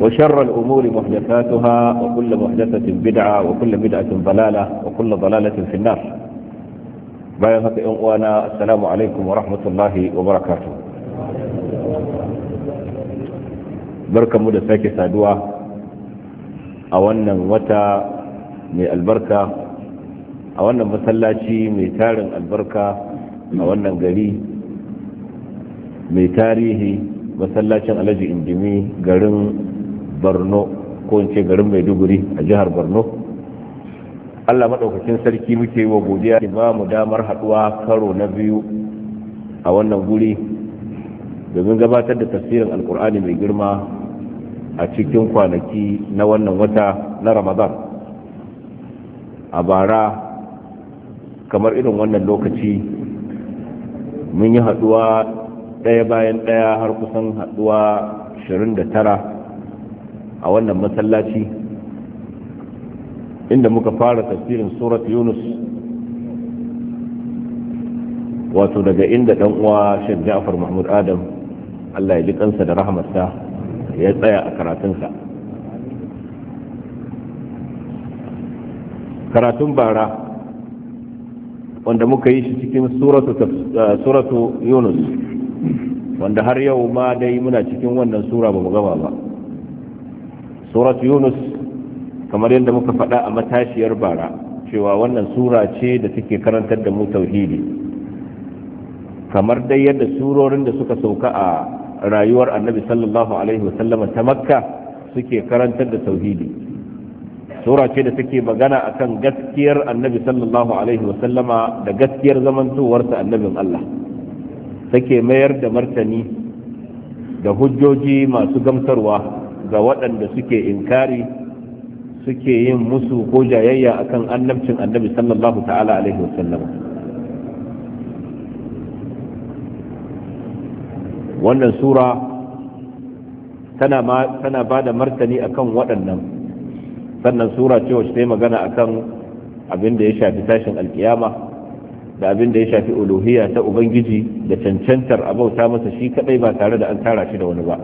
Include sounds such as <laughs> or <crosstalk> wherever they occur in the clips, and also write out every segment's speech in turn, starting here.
وشر الأمور محدثاتها وكل محدثة بدعة وكل بدعة ضلالة وكل ضلالة في النار بيانات أموانا السلام عليكم ورحمة الله وبركاته بركة مدى ساكي سادوا أولا وتا من البركة أولا مسلاتي من تارن البركة أولا قلي من تاريهي masallacin alhaji indimi garin borno ko in ce garin maiduguri a jihar borno allah maɗaukacin sarki muke wa godiya da ba mu damar haɗuwa karo na biyu a wannan guri domin gabatar da tafsirin alkur'ani mai girma a cikin kwanaki na wannan wata na ramadan a bara kamar irin wannan lokaci mun yi haɗuwa ɗaya bayan ɗaya har kusan haɗuwa 29 a wannan masallaci inda muka fara tafsirin surat yunus wato daga inda dan uwa shek ja'far mahmud adam allah ya ji kansa da rahamarsa ya tsaya a karatunsa karatun bara wanda muka yi shi cikin suratu eh, yunus wanda har yau ma dai muna cikin wannan sura ba mu gaba ba surat yunus kamar yadda muka faɗa a matashiyar bara cewa wannan sura ce da take karantar da mu tauhidi kamar dai yadda surorin da suka sauka a rayuwar annabi sallallahu alaihi wasallama ta makka suke karantar da tauhidi sura ce da take magana akan gaskiyar annabi sallallahu alaihi wasallama da gaskiyar zamantowarsa annabin allah take mayar da martani da hujjoji masu gamsarwa ga waɗanda suke inkari suke yin musu ko jayayya akan annabcin annabi sallallahu ta'ala alaihi wasallam wannan sura tana ba da martani akan waɗannan sannan sura ce wacce ta yi magana akan abin da ya shafi tashin alkiyama da abin da ya shafi uluhiya ta ubangiji da cancantar abauta masa shi kadai ba tare da an tara shi da wani ba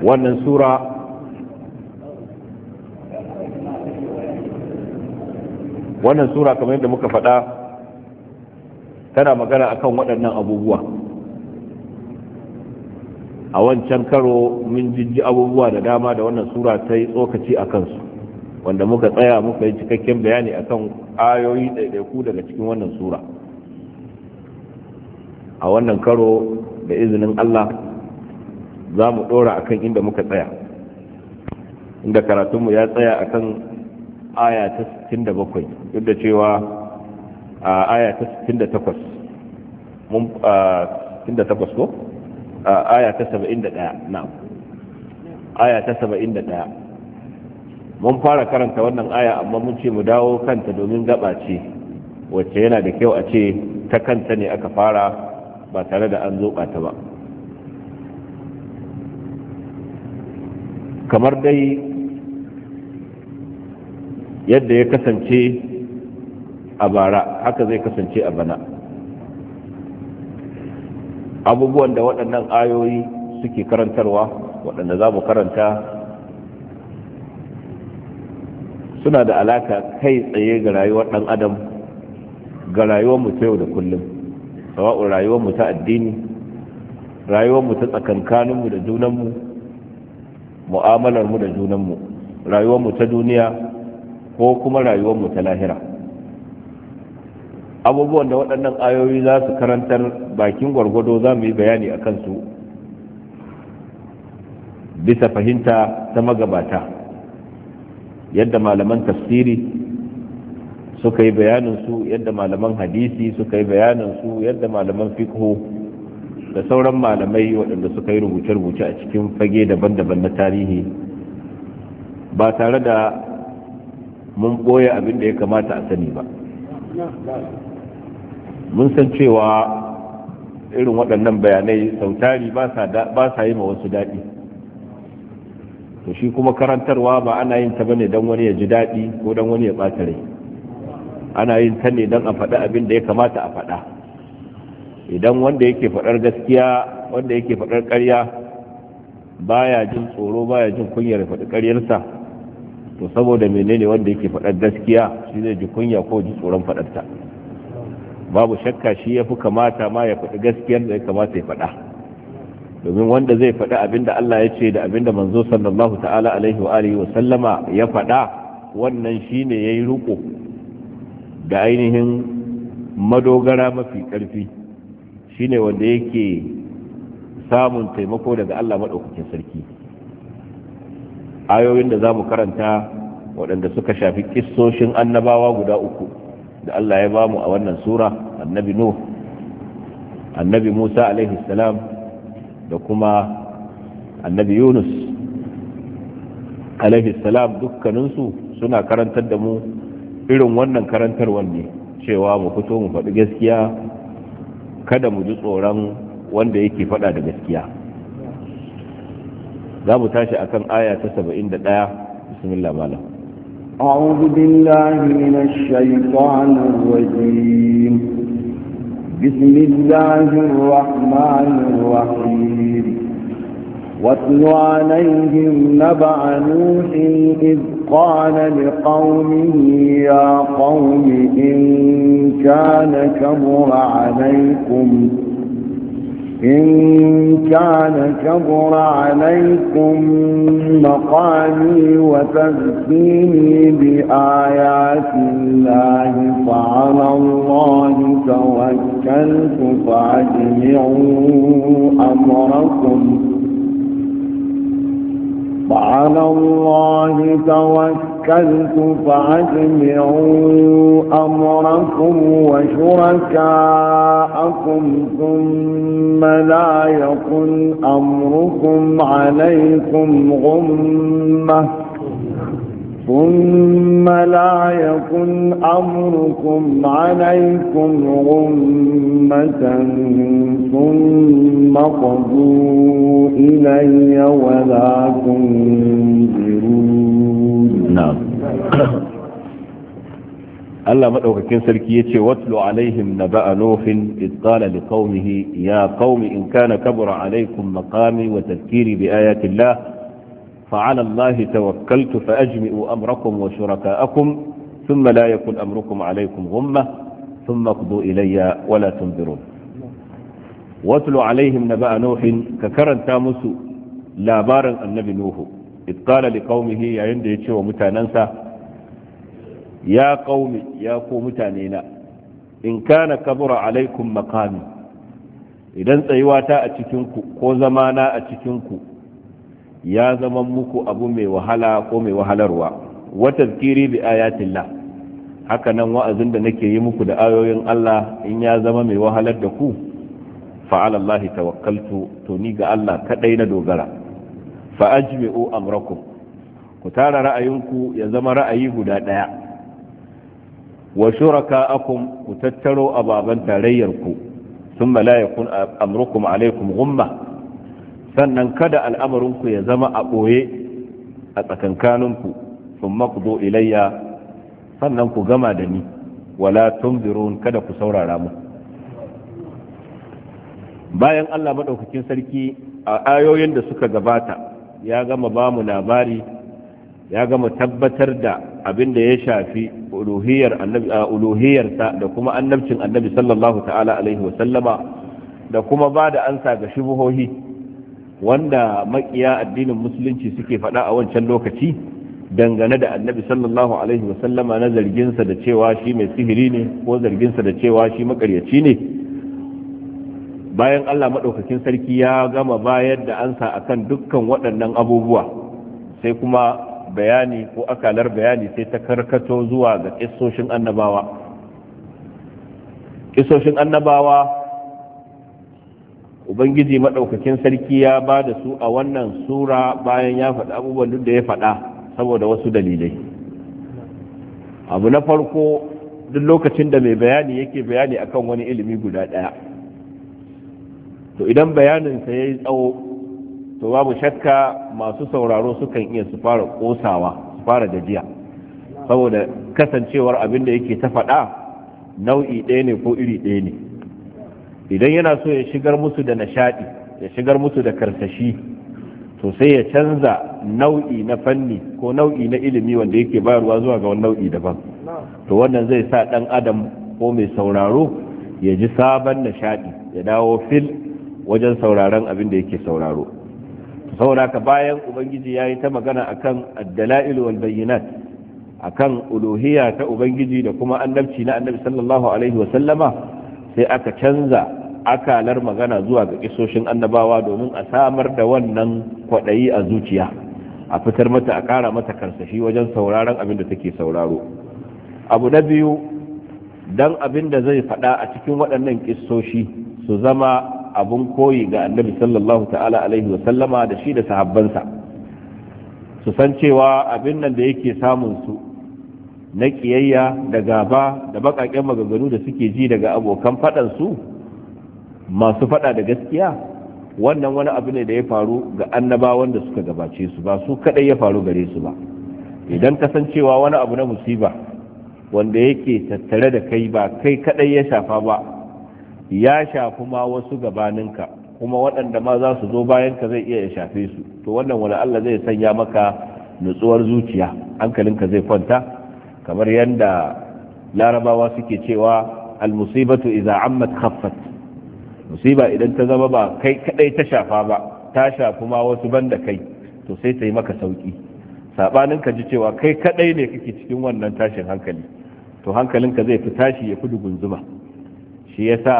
wannan sura wannan sura kamar yadda muka faɗa tana magana akan waɗannan abubuwa a wancan karo mun jijji abubuwa da dama da wannan sura ta yi tsokaci a kansu wanda muka tsaya muka yi cikakken bayani akan ayoyi ɗaiɗaiku daga cikin wannan sura a wannan karo da izinin Allah za mu ɗora a kan inda muka tsaya inda karatunmu ya tsaya a kan aya ta 67 duk da cewa a aya ta 68 mun a 68 ko a aya ta 71 na aya ta 71 mun fara karanta wannan aya amma mun ce mu dawo kanta domin gaba ce wacce yana da kyau a ce ta kanta ne aka fara ba tare da an zo ta ba kamar dai yadda ya kasance a bara haka zai kasance a bana abubuwan da waɗannan ayoyi suke karantarwa waɗanda za mu karanta suna da alaka kai tsaye ga rayuwar ɗan adam ga rayuwar mutu yau da kullum sawa'un rayuwar mutu ta addini rayuwar mutu ta tsakankaninmu da junanmu mu'amalar mu da junan mu rayuwar mu ta duniya ko kuma rayuwar mu ta lahira abubuwan da waɗannan ayoyi za su karantar bakin gwargwado za mu yi bayani a kansu bisa fahimta ta magabata yadda malaman tafsiri suka yi bayaninsu yadda malaman hadisi suka yi bayanin su, yadda malaman fiqhu da sauran malamai waɗanda suka yi rubuce-rubuce a cikin fage daban-daban na tarihi ba tare da mun ɓoye abin da ya kamata a sani ba mun san cewa irin waɗannan bayanai sautari ba sa yi ma wasu daɗi to shi kuma karantarwa ba ana yin ta bane don wani ya ji daɗi ko don wani ya ɓata rai ana yin ta ne don a faɗi abin da ya kamata a faɗa idan wanda yake faɗar gaskiya wanda yake faɗar ƙarya baya jin tsoro baya jin kunyar faɗi ƙaryarsa to saboda menene wanda yake faɗar gaskiya shi zai ji kunya ko ji tsoron faɗarta babu shakka shi ya fi kamata ma ya faɗi gaskiyar da ya kamata ya faɗa domin wanda zai faɗi abin da Allah ya ce da abin da manzo sallallahu ta'ala alaihi wa alihi wa sallama ya faɗa wannan shine yayi ruko da ainihin madogara mafi ƙarfi shine wanda yake samun taimako daga Allah maɗaukakin sarki ayoyin da za mu karanta waɗanda suka shafi kissoshin annabawa guda uku da Allah ya bamu a wannan sura annabi Nuh annabi Musa alaihi salam da kuma annabi Yunus alaihi salam dukkaninsu suna karantar da mu irin wannan karantarwar ne cewa mu fito mu faɗi gaskiya kada mu ji tsoron wanda yake fada da gaskiya za mu tashi akan aya ta 71 bismillah malam أعوذ بالله من الشيطان الرجيم بسم الله الرحمن الرحيم واتل عليهم نبع نوح إذ قال لقومه يا قوم إن كان كبر عليكم إن كان كبر عليكم مقامي وتذكيني بآيات الله فعلى الله توكلت فأجمعوا أمركم وعلى الله توكلت فأجمعوا أمركم وشركاءكم ثم لا يكن أمركم عليكم غمه ثم لا يكن أمركم عليكم غمة ثم قضوا إلي ولا تنزرون نعم ألا مدعوك كنسل كيتي واتلوا عليهم نبأ نوح إذ قال لقومه يا قوم إن كان كبر عليكم مقامي وتذكيري بآيات الله فعلى الله توكلت فأجمئوا أمركم وشركاءكم ثم لا يكن أمركم عليكم غمة ثم اقضوا إلي ولا تنذرون واتلوا عليهم نبأ نوح ككرن تامس لا بارا النبي نوح إذ قال لقومه يا يندي متاننسا يا قوم يا قوم تانينا إن كان كبر عليكم مقامي إذا سيواتا أتشنكو كوزمانا زمانا أتشنكو ya zama muku abu mai wahala ko mai wahalarwa wa tazkiri bi ayatillah haka nan wa'azin da nake yi muku da ayoyin Allah in ya zama mai wahalar da ku Fa'alalahi Allah tawakkaltu to ni ga Allah kadai na dogara fa ajmi'u amrakum ku tara ra'ayinku ya zama ra'ayi guda daya wa shuraka'akum ku tattaro ababan tarayyarku thumma la yakun amrukum alaikum ghumma sannan kada al'amarinku ya zama a ɓoye a tsakankaninku sun makudo ilayya sannan ku gama da ni wala tun tunzirun kada ku saurara mu bayan Allah maɗaukakin sarki a ayoyin da suka gabata ya gama ba mu labari ya gama tabbatar da abin da ya shafi uluhiyarsa da kuma annabcin annabi sallallahu ta'ala alaihi wasallama da kuma ba da ansa ga shubuhohi wanda makiya addinin musulunci suke faɗa a wancan lokaci dangane da annabi sallallahu alaihi wasallama na zarginsa da cewa shi mai sihiri ne ko zarginsa da cewa shi makaryaci ne bayan allah maɗaukakin sarki ya gama bayar da ansa akan dukkan waɗannan abubuwa sai kuma bayani ko akalar bayani sai ta karkato zuwa ga ƙisoshin annabawa annabawa ubangiji maɗaukakin sarki ya ba da su a wannan sura bayan ya faɗa abubuwan duk da ya faɗa saboda wasu dalilai abu na farko duk lokacin da mai bayani yake bayani akan wani ilimi guda ɗaya to idan bayaninsa ya yi tsawo to babu shakka masu sauraro sukan iya su fara ƙosawa su fara gajiya saboda kasancewar abin da yake ta faɗa nau'i ɗaya ne ko iri ɗaya ne idan yana so ya shigar musu da nishadi ya shigar musu da karsashi to sai ya canza nau'i na fanni ko nau'i na ilimi wanda yake bayarwa zuwa ga wani nau'i daban to wannan zai sa dan adam ko mai sauraro ya ji sabon nishadi ya dawo fil wajen sauraron abin da yake sauraro saboda ka bayan ubangiji ya yi ta magana akan addala'il wal bayyinat akan uluhiyya ta ubangiji da kuma annabci na annabi sallallahu alaihi wa sallama sai aka canza akalar magana zuwa ga kisoshin annabawa domin a samar da wannan kwaɗayi a zuciya a fitar mata a ƙara mata karsashi wajen sauraron abin da take sauraro abu na biyu don abin da zai faɗa a cikin waɗannan kisoshi su zama abin koyi ga annabi sallallahu ta'ala alaihi wasallama da shi da sahabbansa su san cewa abin nan da yake samun su na ƙiyayya da gaba da bakaken magagaru da suke ji daga abokan faɗansu su masu fada da gaskiya wannan wani abu ne da ya faru ga annabawan da suka gabace su ba su kadai ya faru gare su ba idan kasancewa wani abu na musiba wanda yake tattare da kai ba kai kadai ya shafa ba ya shafi ma wasu gabaninka kuma waɗanda ma za su zo bayanka zai iya ya shafe su to wannan wani Allah zai sanya maka nutsuwar zuciya hankalinka zai kwanta kamar yadda larabawa suke cewa al-musi almusibatu iza ammat khaffat musiba idan ta zama ba kai kadai ta shafa ba ta shafi ma wasu banda kai to sai ta yi maka sauki sabanin ka ji cewa kai kadai ne kake cikin wannan tashin hankali to hankalinka zai fi tashi ya kudu gunzuma shi yasa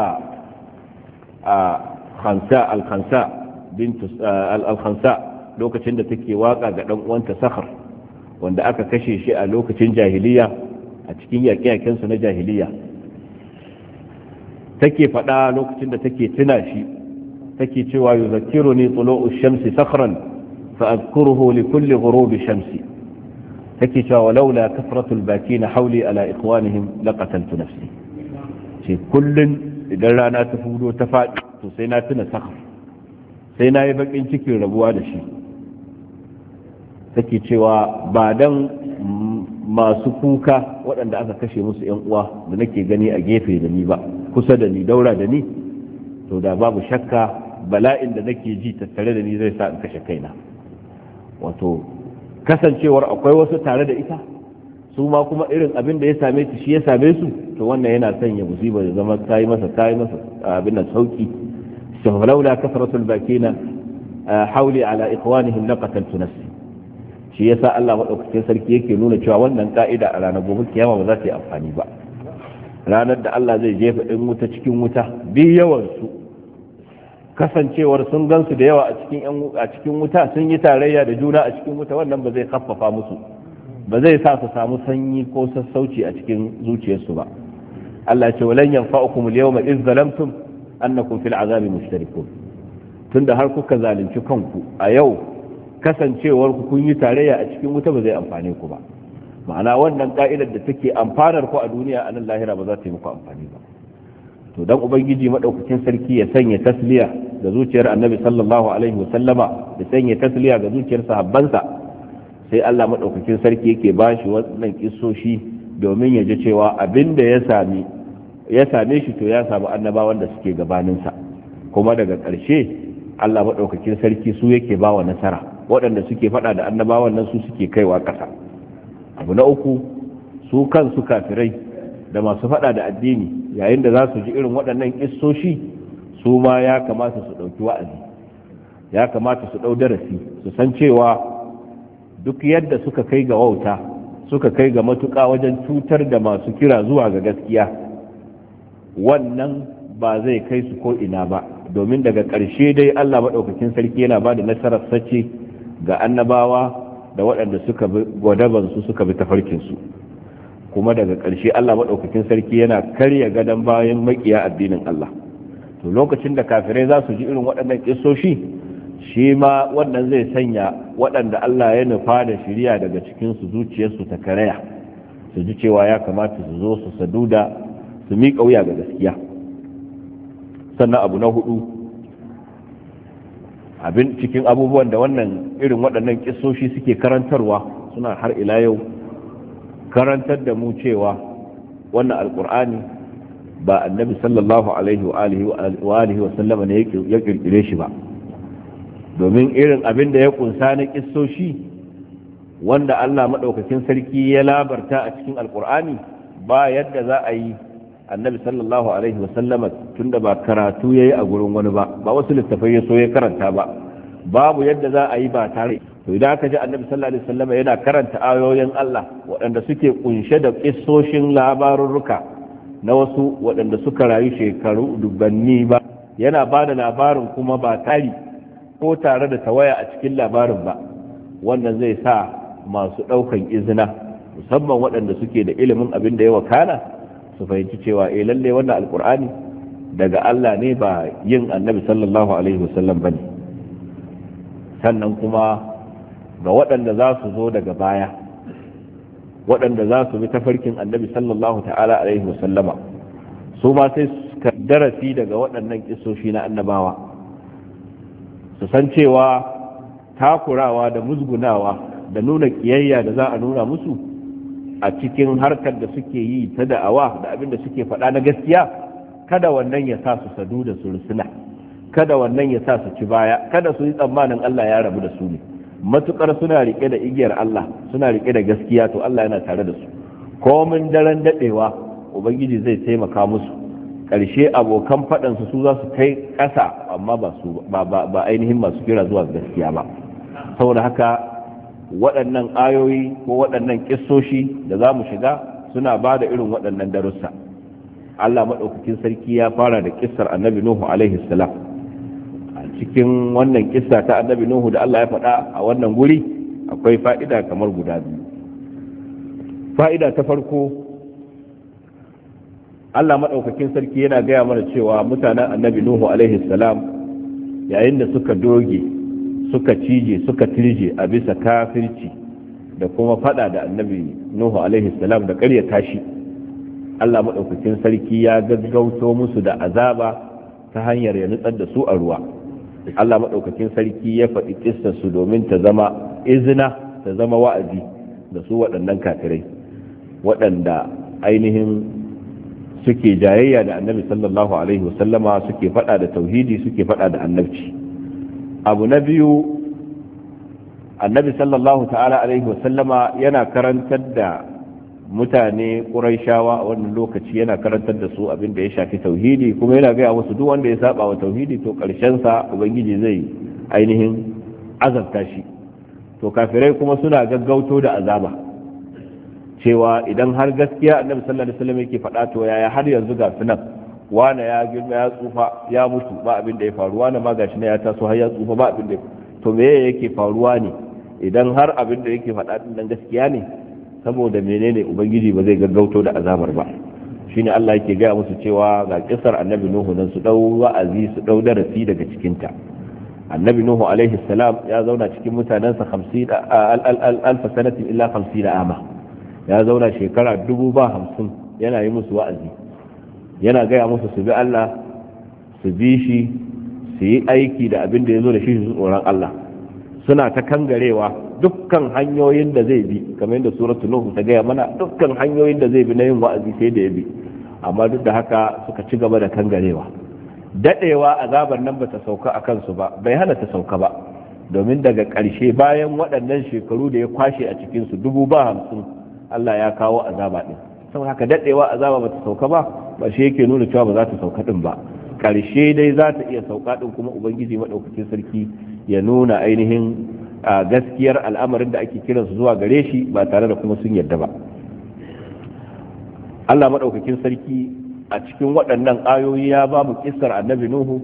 a khansa al-khansa bintu al-khansa lokacin da take waka ga dan uwanta sahar wanda aka kashe shi a lokacin jahiliya a cikin yaƙe-yaƙensu na jahiliya take faɗa lokacin da take tuna shi take cewa yuzakiru ni tulu'u shamsi sakhran fa azkuruhu li kulli ghurubi shamsi take cewa walaula baki na hauli ala la laqataltu nafsi ce kullun idan rana ta fudo ta faɗi to sai na tuna sakhar sai na yi bakin cikin rabuwa da shi take cewa ba dan masu kuka waɗanda aka kashe musu 'yan uwa da nake gani a gefe da ni ba kusa da ni daura da ni to da babu shakka bala'in da nake ji tattare da ni zai sa in kashe kaina wato kasancewar akwai wasu tare da ita su ma kuma irin abin da ya same ta shi ya same su to wannan yana sanya musibar da zama ta yi masa ta yi masa abin nan sauki sahlaula kasratul bakina hauli ala ikhwanihim laqataltu nafsi shi yasa Allah madaukakin sarki yake nuna cewa wannan ka'ida a ranar gobe kiyama ba za ta yi amfani ba ranar da Allah zai jefa ɗin wuta cikin wuta bi yawansu kasancewar sun gansu da yawa a cikin wuta sun yi tarayya da juna a cikin wuta wannan ba zai kaffafa musu ba zai sa su samu sanyi ko sassauci a cikin zuciyarsu ba Allah ce walan yanfa'ukum al-yawma idh zalamtum annakum fil azabi mushtarikun tunda har kuka zalunci kanku a yau kasancewar ku kun yi tarayya a cikin wuta ba zai amfane ku ba ma'ana wannan ka'idar da take amfanar ku a duniya a nan lahira ba za ta yi muku amfani ba to dan ubangiji madaukakin sarki ya sanya tasliya ga zuciyar annabi sallallahu alaihi wa sallama ya sanya tasliya ga zuciyar sahabbansa sai Allah madaukakin sarki yake ba shi wannan kissoshi domin ya ji cewa abinda ya sami ya same shi to ya samu annabawan da suke gabaninsa kuma daga ƙarshe Allah madaukakin sarki su yake bawa nasara waɗanda suke faɗa da annabawan nan su suke kaiwa ƙasa abu na uku su kansu kafirai da masu fada da addini yayin da za su ji irin waɗannan isoshi su ma ya kamata su ɗauki wa'azi ya kamata su ɗau darasi su san cewa duk yadda suka kai ga wauta suka kai ga matuka wajen cutar da masu kira zuwa ga gaskiya wannan ba zai kai su ko ina ba domin daga ƙarshe dai allah maɗaukakin sarki yana ba da nasarar sace ga annabawa da waɗanda suka bi gwadabansu suka bi tafarkinsu kuma daga ƙarshe Allah maɗaukakin sarki yana karya gadon bayan makiya addinin Allah to lokacin da kafirai za su ji irin waɗannan ƙisoshi shi ma wannan zai sanya waɗanda Allah ya nufa da shirya daga cikinsu zuciyarsu ta karaya su ji cewa ya kamata su zo su saduda su miƙa wuya ga gaskiya sannan abu na hudu abin cikin abubuwan da wannan irin waɗannan kisoshi suke karantarwa suna har ila yau karantar da mu cewa wannan Alƙur'ani ba annabi sallallahu alaihi wa alihi wa sallama ne ya ƙirƙire shi ba domin irin abin da ya kunsa na kisoshi wanda Allah maɗaukakin sarki ya labarta a cikin alkur'ani ba yadda za a yi annabi sallallahu alaihi wasallama tunda ba karatu yayi a gurin wani ba ba wasu littafai ya so ya karanta ba babu yadda za a yi ba tare to idan aka ji annabi sallallahu alaihi wasallama yana karanta ayoyin Allah waɗanda suke kunshe da kissoshin labarurruka na wasu waɗanda suka rayu shekaru dubbanni ba yana ba da labarin kuma ba tari ko tare da tawaya a cikin labarin ba wannan zai sa masu ɗaukan izina musamman waɗanda suke da ilimin abin da ya wakana su fahimci cewa eh lalle wannan alkur'ani daga Allah ne ba yin annabi sallallahu alaihi wasallam bane sannan kuma ga waɗanda za su zo daga baya waɗanda za su bi tafarkin annabi sallallahu ta'ala alaihi wasallama su ma sai suka darasi daga waɗannan kisoshi na annabawa su san cewa takurawa da musgunawa da nuna kiyayya da za a nuna musu a cikin harkar da suke yi ta da'awa da abin da suke faɗa na gaskiya kada wannan ya sa su sadu da su rusuna. kada wannan ya sa su ci baya kada su yi tsammanin Allah ya rabu da su ne matukar suna rike da igiyar Allah suna rike da gaskiya to Allah yana tare da su komin daren dadewa ubangiji zai taimaka musu Ƙarshe abokan faɗansu su za su kai ƙasa amma ba ainihin masu kira zuwa gaskiya ba saboda haka waɗannan ayoyi ko waɗannan ƙistoshi da za mu shiga suna ba da irin waɗannan darussa Allah maɗaukakin sarki ya fara da ƙistar annabi Nuhu alaihi salam a cikin wannan ƙista ta annabi Nuhu da Allah ya faɗa a wannan guri akwai fa'ida kamar guda biyu fa'ida ta farko Allah maɗaukakin sarki yana gaya mana cewa mutanen annabi Nuhu alaihi salam yayin da suka doge suka cije suka tirje a bisa kafirci da kuma fada da annabi nuhu alaihi salam da karya tashi Allah maɗaukakin sarki ya gaggauto musu da azaba ta hanyar ya nutsar da su a ruwa Allah maɗaukakin sarki ya faɗi kissar su domin ta zama izina ta zama wa'azi da su waɗannan kafirai waɗanda ainihin suke jayayya da annabi sallallahu alaihi wasallama suke faɗa da tauhidi suke faɗa da annabci abu na biyu annabi sallallahu ta'ala alaihi wasallama yana karantar da mutane ƙuraishawa a wannan lokaci yana karantar da su abin da ya shafi tauhidi kuma yana gaya wasu duk wanda ya saba wa tauhidi to sa ubangiji zai ainihin azabta shi to kafirai kuma suna gaggauto da azaba cewa idan har gaskiya annabi sallallahu alaihi wasallam yake faɗa to yaya har yanzu ga sunan wane ya girma ya tsufa ya mutu ba abin da ya faru wane ma gashi ne ya taso har ya tsufa ba abin da to me yake faruwa ne idan har abin da yake faɗa din nan gaskiya ne saboda menene ubangiji ba zai gaggauto da azabar ba shine Allah yake gaya musu cewa ga kisar annabi nuhu nan su dau wa'azi su dau darasi daga cikinta annabi nuhu alaihi salam ya zauna cikin mutanensa 50 alf sanatin illa 50 ama ya zauna shekara dubu ba hamsin yana yi musu wa'azi yana gaya musu su bi Allah su bi shi su yi aiki da abin da ya zo da shi su tsoron Allah suna ta kangarewa dukkan hanyoyin da zai bi kamar yadda suratu nuhu ta gaya mana dukkan hanyoyin da zai bi na yin wa'azi sai da ya bi amma duk da haka suka ci gaba da kangarewa dadewa azabar nan bata sauka a kansu ba bai hana ta sauka ba domin daga ƙarshe bayan waɗannan shekaru da ya kwashe a cikinsu dubu ba hamsin Allah ya kawo azaba ɗin saboda haka dadewa azaba bata sauka ba ba shi yake nuna cewa ba za ta sauka din ba karshe dai za ta iya sauka din kuma ubangiji madaukakin sarki ya nuna ainihin gaskiyar al'amarin da ake kiransu zuwa gare shi ba tare da kuma sun yarda ba Allah madaukakin sarki a cikin waɗannan ayoyi ya ba mu kissar annabi nuhu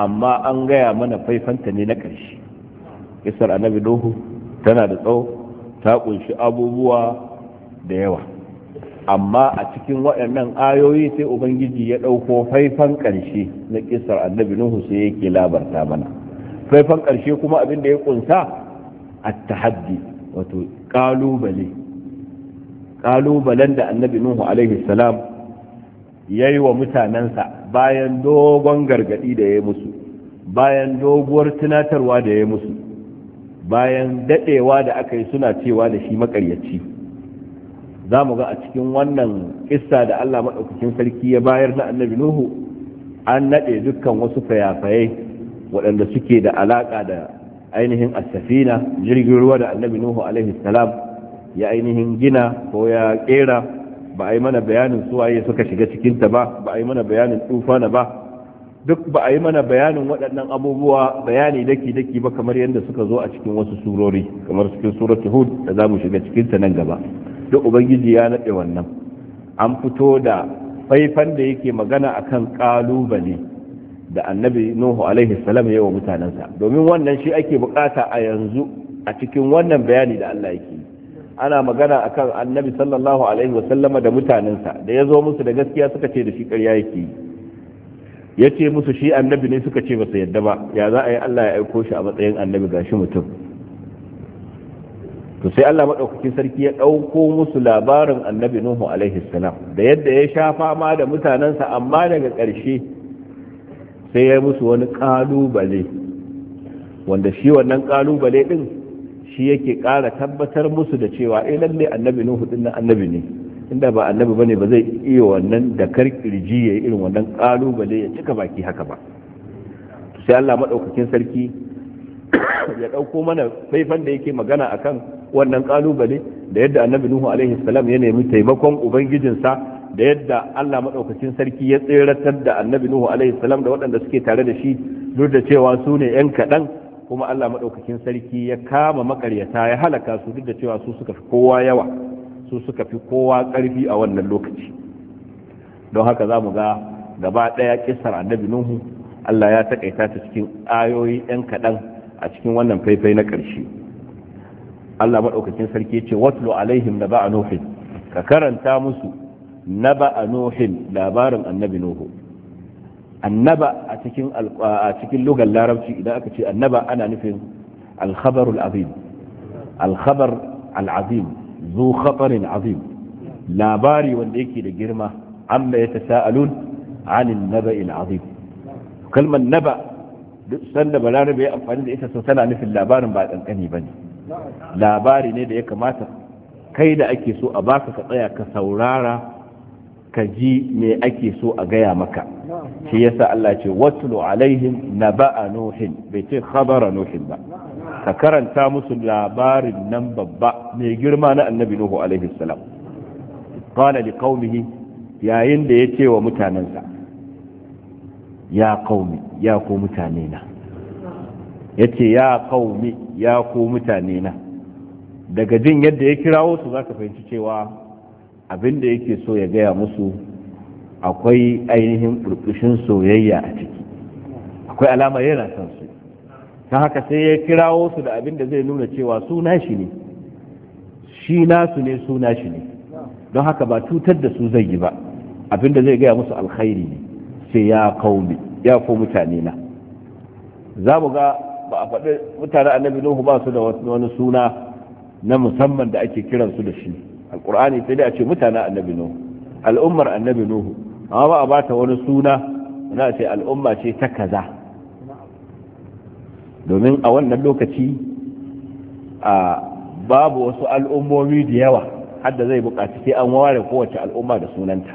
amma an gaya mana faifanta ne na karshe kissar annabi nuhu tana da tsawo ta kunshi abubuwa da yawa amma a cikin waɗannan ayoyi sai ubangiji ya ɗauko faifan ƙarshe na kisar annabi nuhu sai yake labarta mana faifan ƙarshe kuma abin da ya kunsa a tahaddi wato ƙalubale ƙalubalen da annabi nuhu alaihi salam ya yi wa mutanensa bayan dogon gargaɗi da ya yi musu bayan doguwar tunatarwa da ya yi musu bayan daɗewa da aka yi suna cewa da shi maƙaryaci za mu ga a cikin wannan kissa da Allah maɗaukakin sarki ya bayar na annabi Nuhu an naɗe dukkan wasu fayafaye waɗanda suke da alaƙa da ainihin asafina jirgin ruwa da annabi Nuhu alaihi salam ya ainihin gina ko ya ƙera ba a yi mana bayanin suwaye suka shiga cikinta ba ba a yi mana bayanin tufana ba duk ba a yi mana bayanin waɗannan abubuwa bayani daki-daki ba kamar yadda suka zo a cikin wasu surori kamar cikin suratul hud da za mu shiga cikinta nan gaba duk ubangiji ya naɗe wannan an fito da faifan da yake magana akan kalubale da annabi nuhu alaihi salam ya wa mutanensa domin wannan shi ake bukata a yanzu a cikin wannan bayani da Allah yake ana magana akan annabi sallallahu alaihi da mutanensa da ya zo musu da gaskiya suka ce da shi ƙarya yake yi ya ce musu shi annabi ne suka ce ba su yadda ba ya za a yi Allah ya aiko shi a matsayin annabi gashi mutum to sai Allah madaukakin sarki ya dauko musu labarin annabi nuhu alaihi salam da yadda ya sha fama da mutanansa amma daga ƙarshe sai ya musu wani kalubale wanda shi wannan kalubale din shi yake ƙara tabbatar musu da cewa eh lalle annabi nuhu din nan annabi ne inda ba annabi bane ba zai iya wannan da karkirji yayi irin wannan kalubale ya cika baki haka ba sai Allah madaukakin sarki ya dauko mana faifan da yake magana akan wannan kalubale da yadda annabi nuhu alaihi salam ya nemi taimakon ubangijinsa da yadda Allah madaukakin sarki ya tseratar da annabi nuhu alaihi salam da waɗanda suke tare da shi duk da cewa su ne yan kaɗan kuma Allah madaukakin sarki ya kama makaryata ya halaka su duk da cewa su suka fi kowa yawa su suka fi kowa ƙarfi a wannan lokaci don haka za mu ga gaba ɗaya kisar annabi nuhu Allah ya taƙaita ta cikin ayoyi 'yan kaɗan a cikin wannan faifai na ƙarshe Allah madaukakin sarki yace watlu alaihim ba'a nuhin ka karanta musu naba'a nuhin labarin annabi nuhu annaba a cikin a cikin lugar larabci idan aka ce annaba ana nufin al-khabar al-azim al al-azim zu khatarin azim labari wanda yake da girma amma ya tasa'alun anin naba'il azim kalmar naba duk sanda balarabe ya amfani da ita so tana nufin labarin ba kankani bane labari ne da ya kamata kai da ake so a baka ka tsaya ka saurara ka ji me ake so a gaya maka shi yasa Allah ce watlu alaihim naba'a nuhin bai ce khabara nuhin ba ka karanta musu labarin nan babba mai girma na annabi nuhu alaihi salam qala liqaumihi yayin da yace wa mutanansa ya qaumi ya ku mutanena yace ya qaumi ya ku mutane na daga jin yadda ya kirawo su za ka fahimci cewa abin da yake so ya gaya musu akwai ainihin burbushin soyayya a ciki akwai alama yana son su ta haka sai ya kirawo su da abin da zai nuna cewa suna nashi ne shi nasu ne suna nashi ne don haka ba cutar da su zai yi ba abin da zai gaya musu alkhairi ne sai ya kaumi ya ko mutane na za mu ga ba a faɗi mutane annabi nuhu ba su da wani suna na musamman da ake kiransu da shi alkur'ani sai dai a ce mutane annabi nuhu al'ummar annabi nuhu amma ba a bata wani suna na ce al'umma ce ta kaza domin a wannan lokaci a babu wasu al'ummomi da yawa hadda zai buƙaci sai an ware kowace al'umma da sunanta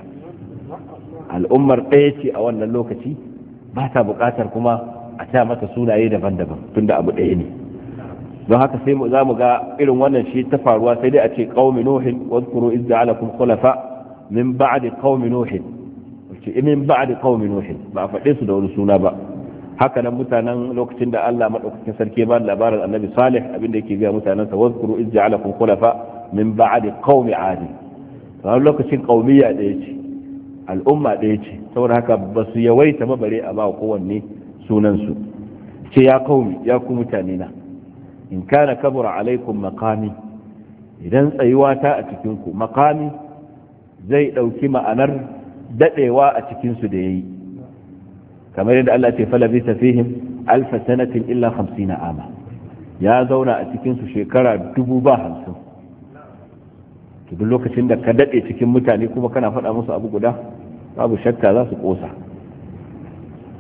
al'ummar ɗaya ce a wannan lokaci ba ta buƙatar kuma sa mata sunaye daban-daban tun da abu ɗaya ne don haka sai za mu ga irin wannan shi ta faruwa sai dai a ce qaumi nuhin wadhkuru iz ja'alakum khulafa min ba'di qaumi nuhin ce eh, min ba'di qaumi nuhin ba a faɗe su da wani suna ba haka nan mutanen lokacin da Allah madaukakin sarki ba labarin annabi salih abinda yake ga mutanen sa wadhkuru iz ja'alakum khulafa min ba'di qaumi adi a lokacin qaumiyya ɗaya ce al'umma ɗaya ce saboda haka ba su yawaita ba bare a ba kowanne sunansu ce ya kaumi ya ku mutane na in kana kabura alaikum makami idan tsayuwa ta a cikinku makami zai ɗauki ma'anar daɗewa a cikinsu da ya yi kamar yadda Allah ce falabi fihim alfa sanatin illa na ama ya zauna a cikinsu shekara dubu ba hamsin duk lokacin da ka daɗe cikin mutane kuma kana faɗa musu abu guda babu shakka za su ƙosa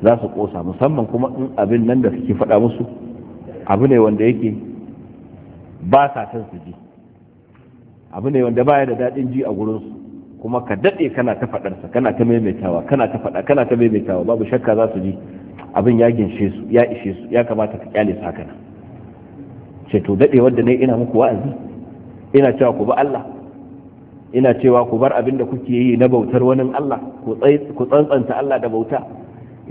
za su kosa musamman kuma in abin nan da suke faɗa musu abu ne wanda yake ba sa san su ji abu ne wanda baya da daɗin ji a gurinsu kuma ka daɗe kana ta faɗarsa kana ta maimaitawa kana ta faɗa kana ta maimaitawa babu shakka za su ji abin ya ginshe su ya ishe su ya kamata ka kyale su haka ce to daɗe wanda ne ina muku wa'azi ina cewa ku ba Allah ina cewa ku bar abin da kuke yi na bautar wani Allah ku tsantsanta Allah da bauta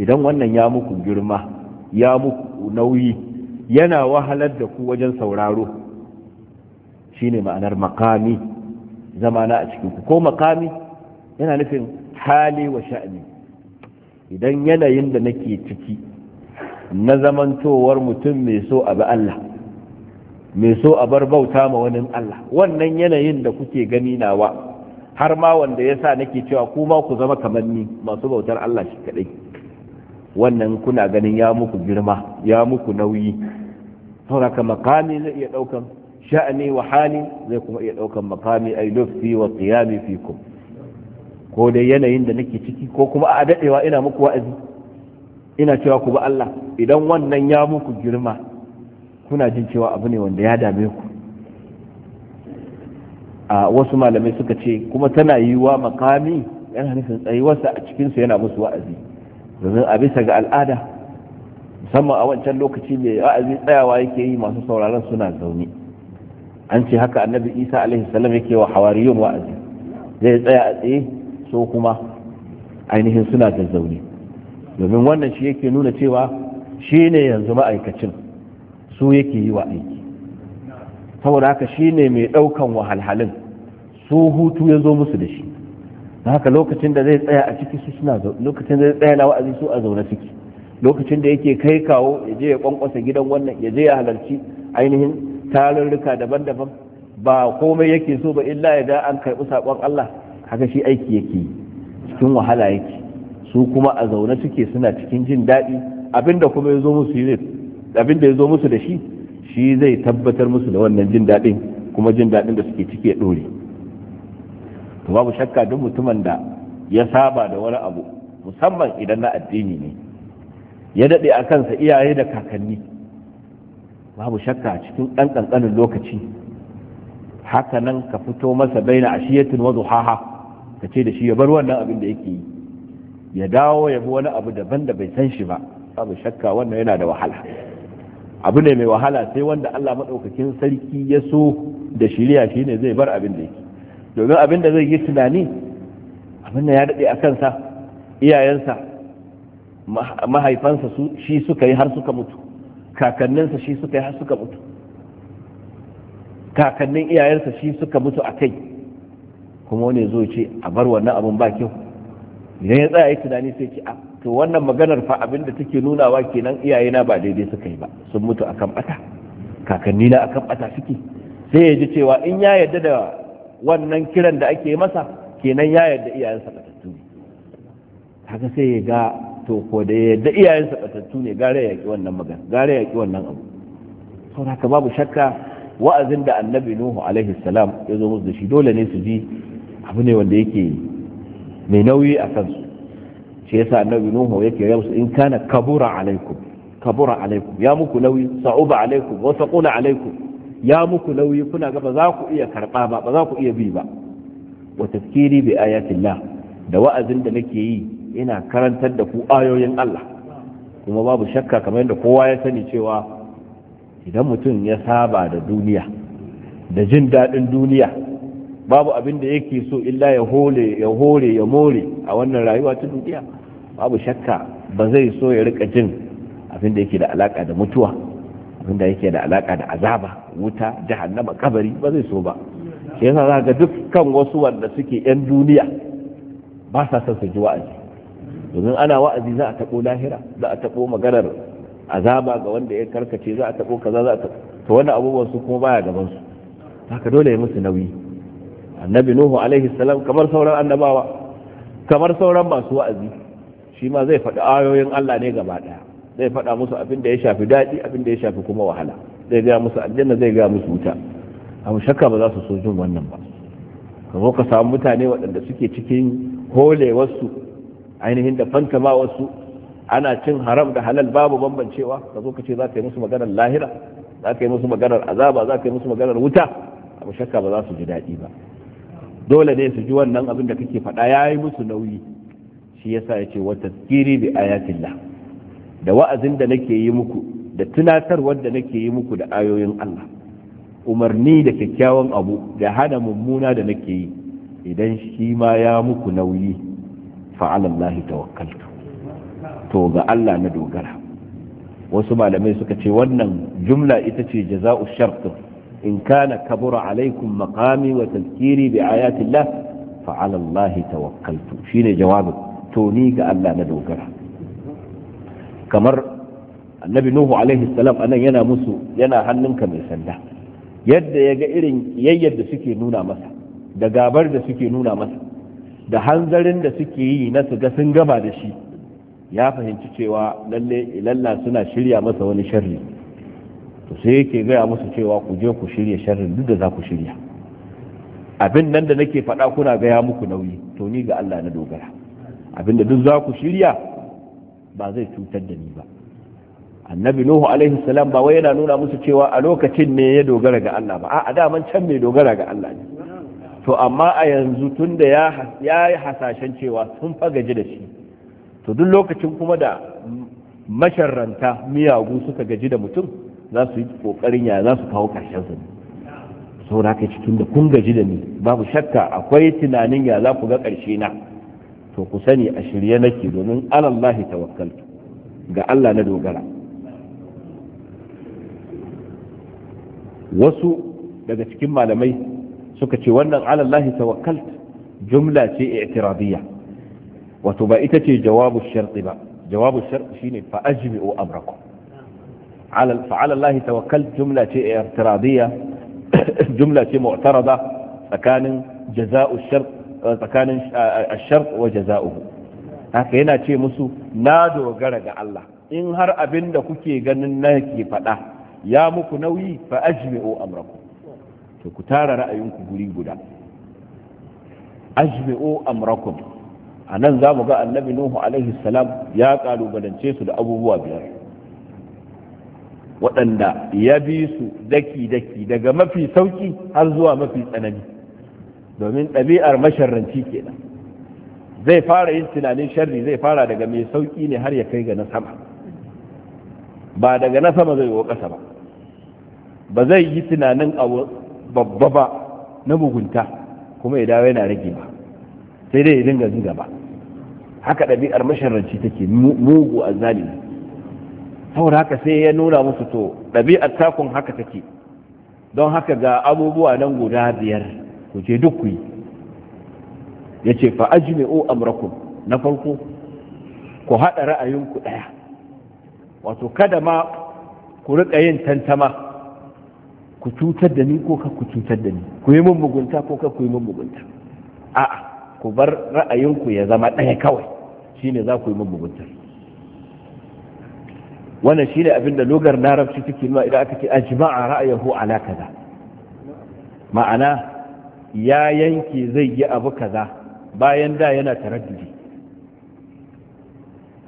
idan wannan ya muku girma ya muku nauyi yana wahalar da ku wajen sauraro shi ne ma'anar makami zamana a cikin ko makami yana nufin hali wa sha'ani idan yanayin da nake ciki na zamantowar mutum mai so a bi Allah mai so a bar bauta ma wani Allah wannan yanayin da kuke gani nawa har ma wanda ya sa nake cewa kuma ku zama kamar ni masu bautar Allah shi kadai wannan kuna ganin ya muku girma ya muku nauyi sauraka makami zai iya daukan sha'ani wa hali zai kuma iya daukan makami ai lufi wa qiyami fikum ko dai yanayin da nake ciki ko kuma a dadewa ina muku wa'azi ina cewa ku ba Allah idan wannan ya muku girma kuna jin cewa abu ne wanda ya dame ku a wasu malamai suka ce kuma tana yiwa makami yana nufin tsayuwarsa a cikinsu yana musu wa'azi domin a bisa ga al'ada musamman a wancan lokaci mai ra'azi tsayawa yake yi masu sauraron suna zaune an ce haka annabi isa alaihi salam yake wa hawariyun wa'azi zai tsaya a tsaye so kuma ainihin suna da zaune domin wannan shi yake nuna cewa shi ne yanzu ma'aikacin su yake yi wa aiki saboda haka shi ne mai ɗaukan wahalhalin su hutu ya zo musu da shi haka lokacin da zai tsaya a ciki su suna lokacin da zai tsaya na wa'azi su a zaune ciki lokacin da yake kai kawo ya je ya kwankwasa gidan wannan ya je ya halarci ainihin tarurruka daban-daban ba komai yake so ba illa ya da an karbi saƙon Allah haka shi aiki yake cikin wahala yake su kuma a zaune suke suna cikin jin daɗi abinda kuma ya zo musu abinda ya zo musu da shi shi zai tabbatar musu da wannan jin daɗin kuma jin daɗin da suke ciki ya ɗore to babu shakka duk mutumin da ya saba da wani abu musamman idan na addini ne ya daɗe a kansa iyaye da kakanni babu shakka cikin ɗan ƙanƙanin lokaci haka nan ka fito masa baina ashiyatin wa haha. ka ce da shi ya bar wannan abin da yake yi ya dawo ya bi wani abu daban da bai san shi ba babu shakka wannan yana da wahala abu ne mai wahala sai wanda Allah maɗaukakin sarki ya so da shirya shine zai bar abin da yake domin abin da zai yi tunani abin da ya daɗe a kansa iyayensa mahaifansa shi suka yi har suka mutu kakanninsa shi suka yi har suka mutu kakannin iyayensa shi suka mutu a kai kuma wani zo ce a bar wannan abin ba kyau idan ya tsaya yi tunani sai ce ah, to wannan maganar fa abin da take nunawa kenan iyayena ba daidai suka yi ba sun mutu akan bata kakanni na akan bata suke sai ya ji cewa in ya yarda da wannan kiran da ake masa kenan ya yarda iyayensa batattu ne haka sai ya ga to ko da ya yarda iyayensa batattu ne gare ya wannan magana gare ya wannan abu saboda haka babu shakka wa'azin da annabi nuhu alaihi salam ya zo musu da shi dole ne su ji abu ne wanda yake mai nauyi a kansu shi yasa annabi nuhu yake ya musu in kana kabura alaikum kabura alaikum ya muku nauyi sa'uba alaikum wa saqula alaikum ya muku nauyi kuna ga ba za ku iya karɓa ba ba za ku iya bi ba wa tafkiri bi ayatillah da wa'azin da nake yi ina karantar da ku ayoyin Allah kuma babu shakka kamar yadda kowa ya sani cewa idan mutum ya saba da duniya da jin daɗin duniya babu abin da yake so illa ya hole ya hore ya more a wannan rayuwa ta duniya babu shakka ba zai so ya rika jin abin da yake da alaka da mutuwa Wanda yake da alaka da azaba wuta jahannama kabari ba zai so ba shi yasa za ga dukkan wasu wanda suke yan duniya ba sa son su ji wa'azi domin ana wa'azi za a tabo lahira za a tabo maganar azaba ga wanda ya karkace za a tabo kaza za a tabo to wannan abubuwan su kuma baya gaban su haka dole ya musu nauyi annabi nuhu alaihi salam kamar sauran annabawa kamar sauran masu wa'azi shi ma zai faɗi ayoyin Allah ne gaba ɗaya zai faɗa musu abin da ya shafi daɗi abin da ya shafi kuma wahala zai gaya musu aljanna zai gaya musu wuta A shakka ba za su so jin wannan ba ka zo ka samu mutane waɗanda suke cikin holewarsu ainihin da fantama wasu ana cin haram da halal babu bambancewa ka zo ka ce za ka yi musu maganar lahira za ka yi musu maganar azaba za ka yi musu maganar wuta abu shakka ba za su ji daɗi ba dole ne su ji wannan abin da kake faɗa ya yi musu nauyi shi yasa ya ce wa tazkiri bi ayatillah da wa'azin da nake yi muku da tunatarwar da nake yi muku da ayoyin Allah umarni da kyakkyawan abu da hana mummuna da nake yi idan shi ma ya muku nauyi fa'alallahi tawakkaltu to ga Allah na dogara wasu malamai suka ce wannan jumla ita ce jaza'u shart in kana kabura alaikum maqami wa tazkiri bi ayatillah fa'alallahi tawakkaltu shine jawabin to ni ga Allah na dogara kamar annabi nuhu alaihi salam anan yana musu yana hannunka mai sanda yadda ya ga irin yayyar da suke nuna masa da gabar da suke nuna masa da hanzarin da suke yi na su ga sun gaba da shi ya fahimci cewa lalle ilalla suna shirya masa wani sharri to sai yake gaya musu cewa ku je ku shirya sharrin duk da za ku shirya abin nan da nake faɗa kuna gaya muku nauyi to ni ga Allah na dogara abin da duk za ku shirya ba zai cutar da ni ba annabi nuhu alaihi salam ba wai yana nuna musu cewa a lokacin ne ya dogara ga Allah ba a daman can mai dogara ga Allah ne to amma a yanzu tunda da ya yi hasashen cewa sun gaji da shi to duk lokacin kuma da masharranta miyagu suka gaji da mutum za su yi kokarin ya za su kawo karshen su saboda cikin da kun gaji da ni babu shakka akwai tunanin ya za ku ga karshe na to ku sani a shirye nake domin alallahi tawakkaltu ga Allah na dogara wasu daga cikin malamai suka ce wannan alallahi tawakkalt jumla ce i'tiradiyya wato ba ita ce jawabu sharti ba jawabu sharti shine fa ajmi'u amrakum ala fa alallahi tawakkalt jumla ce i'tiradiyya jumla ce mu'tarada tsakanin jaza'u sharti tsakanin ashar wa jaza'uhu haka yana ce musu na dogara ga Allah in har abin da kuke ganin na ke faɗa ya muku nauyi fa ajmi'u amrakum to ku tara ra'ayinku guri guda ajmi'u amrakum a nan za mu ga annabi nuhu alaihi salam ya kalubalance su da abubuwa biyar waɗanda ya bi su daki-daki daga mafi sauki har zuwa mafi tsanani domin ɗabi'ar masharranci ke nan zai fara yin tunanin sharri zai fara daga mai sauƙi ne har ya kai ga na sama ba daga na sama zai wo ƙasa ba ba zai yi tunanin abu babba ba na mugunta kuma ya dawo yana rage ba sai dai ya dinga zin gaba haka ɗabi'ar masharranci take mugu a zalimi saboda haka sai ya nuna musu to ɗabi'ar takun haka take don haka ga abubuwa nan guda biyar ku je duk ku yi ya ce fa ajmi'u amrakum na farko ku haɗa ra'ayinku ɗaya wato kada ma ku riƙa yin tantama ku cutar da ni ko ka ku cutar da ni ku yi min ko ka ku yi min mugunta a'a ku bar ra'ayinku ya zama ɗaya kawai shine za ku yi min mugunta wannan shine abin da logar larabci take nuna idan aka ce ajma'a ra'ayahu ala kaza ma'ana ya yanke zai yi abu kaza bayan da yana taraddudi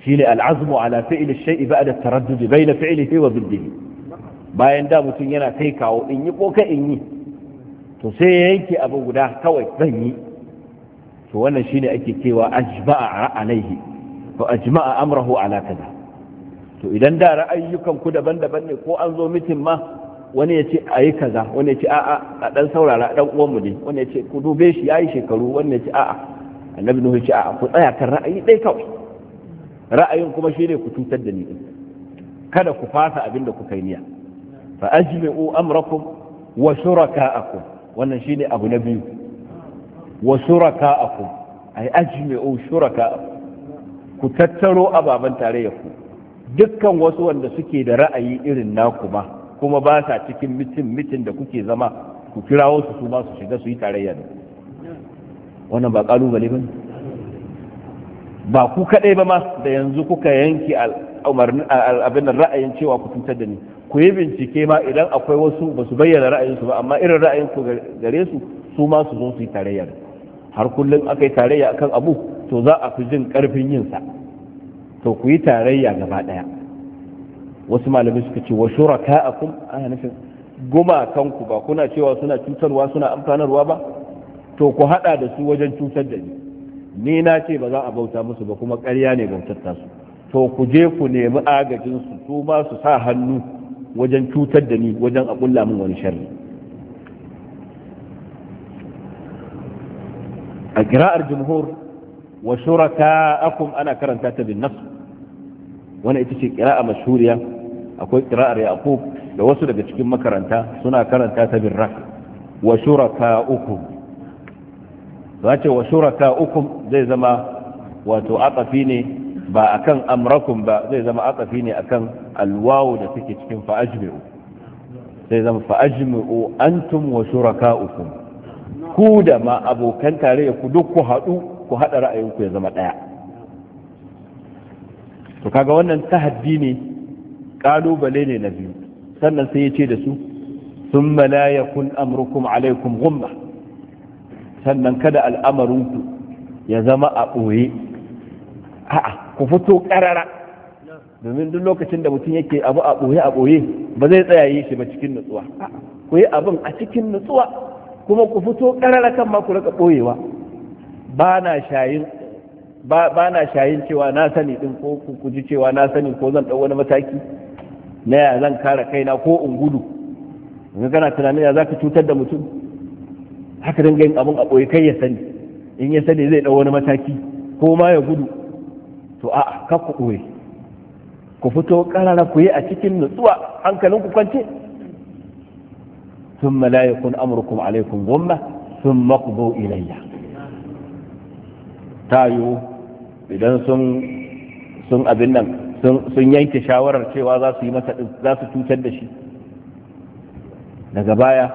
ne al'azmu ala fi'li shay'i ba'da taraddudi bayna fi'lihi wa biddihi bayan da mutum yana kai kawo in yi ko ka in yi to sai ya yanke abu guda kawai zan yi to wannan shine ake cewa ajma'a alaihi to ajma'a amrahu ala kaza to idan da ra'ayyukan ku daban-daban ne ko an zo mitin ma wani ya ce a yi kaza wani ya ce a'a a ɗan saurara ɗan uwanmu ne wani ya ce ku dube shi ya yi shekaru wani ya ce a'a annabi nuhu ya ce a'a ku tsaya kan ra'ayi ɗaya kawai ra'ayin kuma shi ne ku cutar da ni kada ku fasa abin da ku kai niyya fa ajmi'u amrakum wa shuraka'akum wannan shine abu na biyu wa shuraka'akum ai ajmi'u shuraka'akum ku tattaro ababan tarayyar ku dukkan wasu wanda suke da ra'ayi irin naku ba kuma ba sa cikin mitin mitin da kuke zama ku kirawo su su ba su shiga su yi tarayya da wannan ba kalubale ba ba ku kadai ba ma da yanzu kuka yanke abin ra'ayin cewa ku cutar da ni ku yi bincike ma idan akwai wasu ba su bayyana ra'ayin su ba amma irin ra'ayin ku gare su su ma su zo su yi tarayya har kullum aka yi tarayya akan abu to za a fi jin karfin yin sa to ku yi tarayya gaba ɗaya. wasu malami suka ce wa shuraka'akum ana nufin Guma kanku ba kuna cewa suna cutarwa suna amfanarwa ba to ku hada da su wajen cutar da ni ni na ce ba za a bauta musu ba kuma karya ne bautar ta su to ku je ku nemi agajin su su ma su sa hannu wajen cutar da ni wajen a kulla min wani sharri a kira'ar jumhur wa akum ana karanta ta bin nasu Wani ita ce qira'a mashuriya akwai kira'ar yaqub da wasu daga cikin makaranta suna karanta ta bin raf wa shuraka'ukum zace wa shuraka'ukum zai zama wato aqafi ne ba akan amrakum ba zai zama aqafi ne akan alwawu da take cikin fa'ajmi'u Zai zama fa'ajmi'u antum wa shuraka'ukum ku da ma abokan tare ku duk ku haɗu ku haɗa ra'ayinku ya zama ɗaya to kaga wannan tahaddi ne kalubale ne na biyu sannan sai ya ce da su sun ya kun amrukum alaikum gumma sannan kada al'amarinku ya zama a ɓoye a'a ku fito ƙarara domin duk lokacin da mutum yake abu a ɓoye a ɓoye ba zai tsayaye shi ba cikin nutsuwa ku yi abin a cikin nutsuwa kuma ku fito ƙarara kan ma ku rika ɓoyewa ba na shayin ba na shayin cewa na sani din ko ku ji cewa na sani ko zan dau wani mataki na ya zan kare kaina ko in gudu in kana tunanin ya zaka cutar da mutum haka dinga yin abun a boye kai ya sani in ya sani zai dau wani mataki ko ma ya gudu to a'a ka ku boye ku fito karara ku yi a cikin nutsuwa hankalinku kwance ثم لا يكون أمركم عليكم غمة ثم اقضوا ilayya ta yiwu idan sun sun abin nan sun yanke shawarar cewa za su yi masa za su cutar da shi daga baya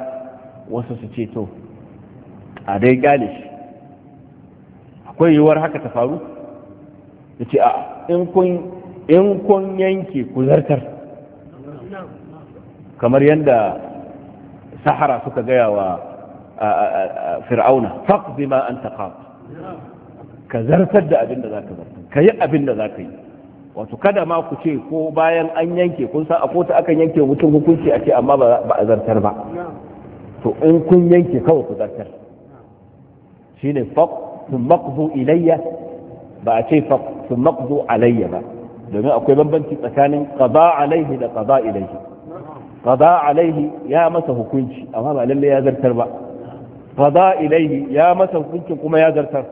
wasu su ce to a dai gane shi akwai yiwuwar haka ta faru ya ce a in kun yanke ku zartar kamar yadda sahara suka gaya wa fir'auna faqdi ma an taqab ka zartar da abin da za ka zartar ka yi abin da za ka yi wato kada ma ku ce ko bayan an yanke kun san a kotu akan yanke mutum hukunci a ce amma ba a zartar ba to in kun yanke kawai ku zartar shine faq sun maqdu ilayya ba a ce faq sun maqdu alayya ba domin akwai bambanci tsakanin qada alaihi da qada ilayhi qada alaihi ya masa hukunci amma ba lallai ya zartar ba qada ilayhi ya masa hukunci kuma ya zartar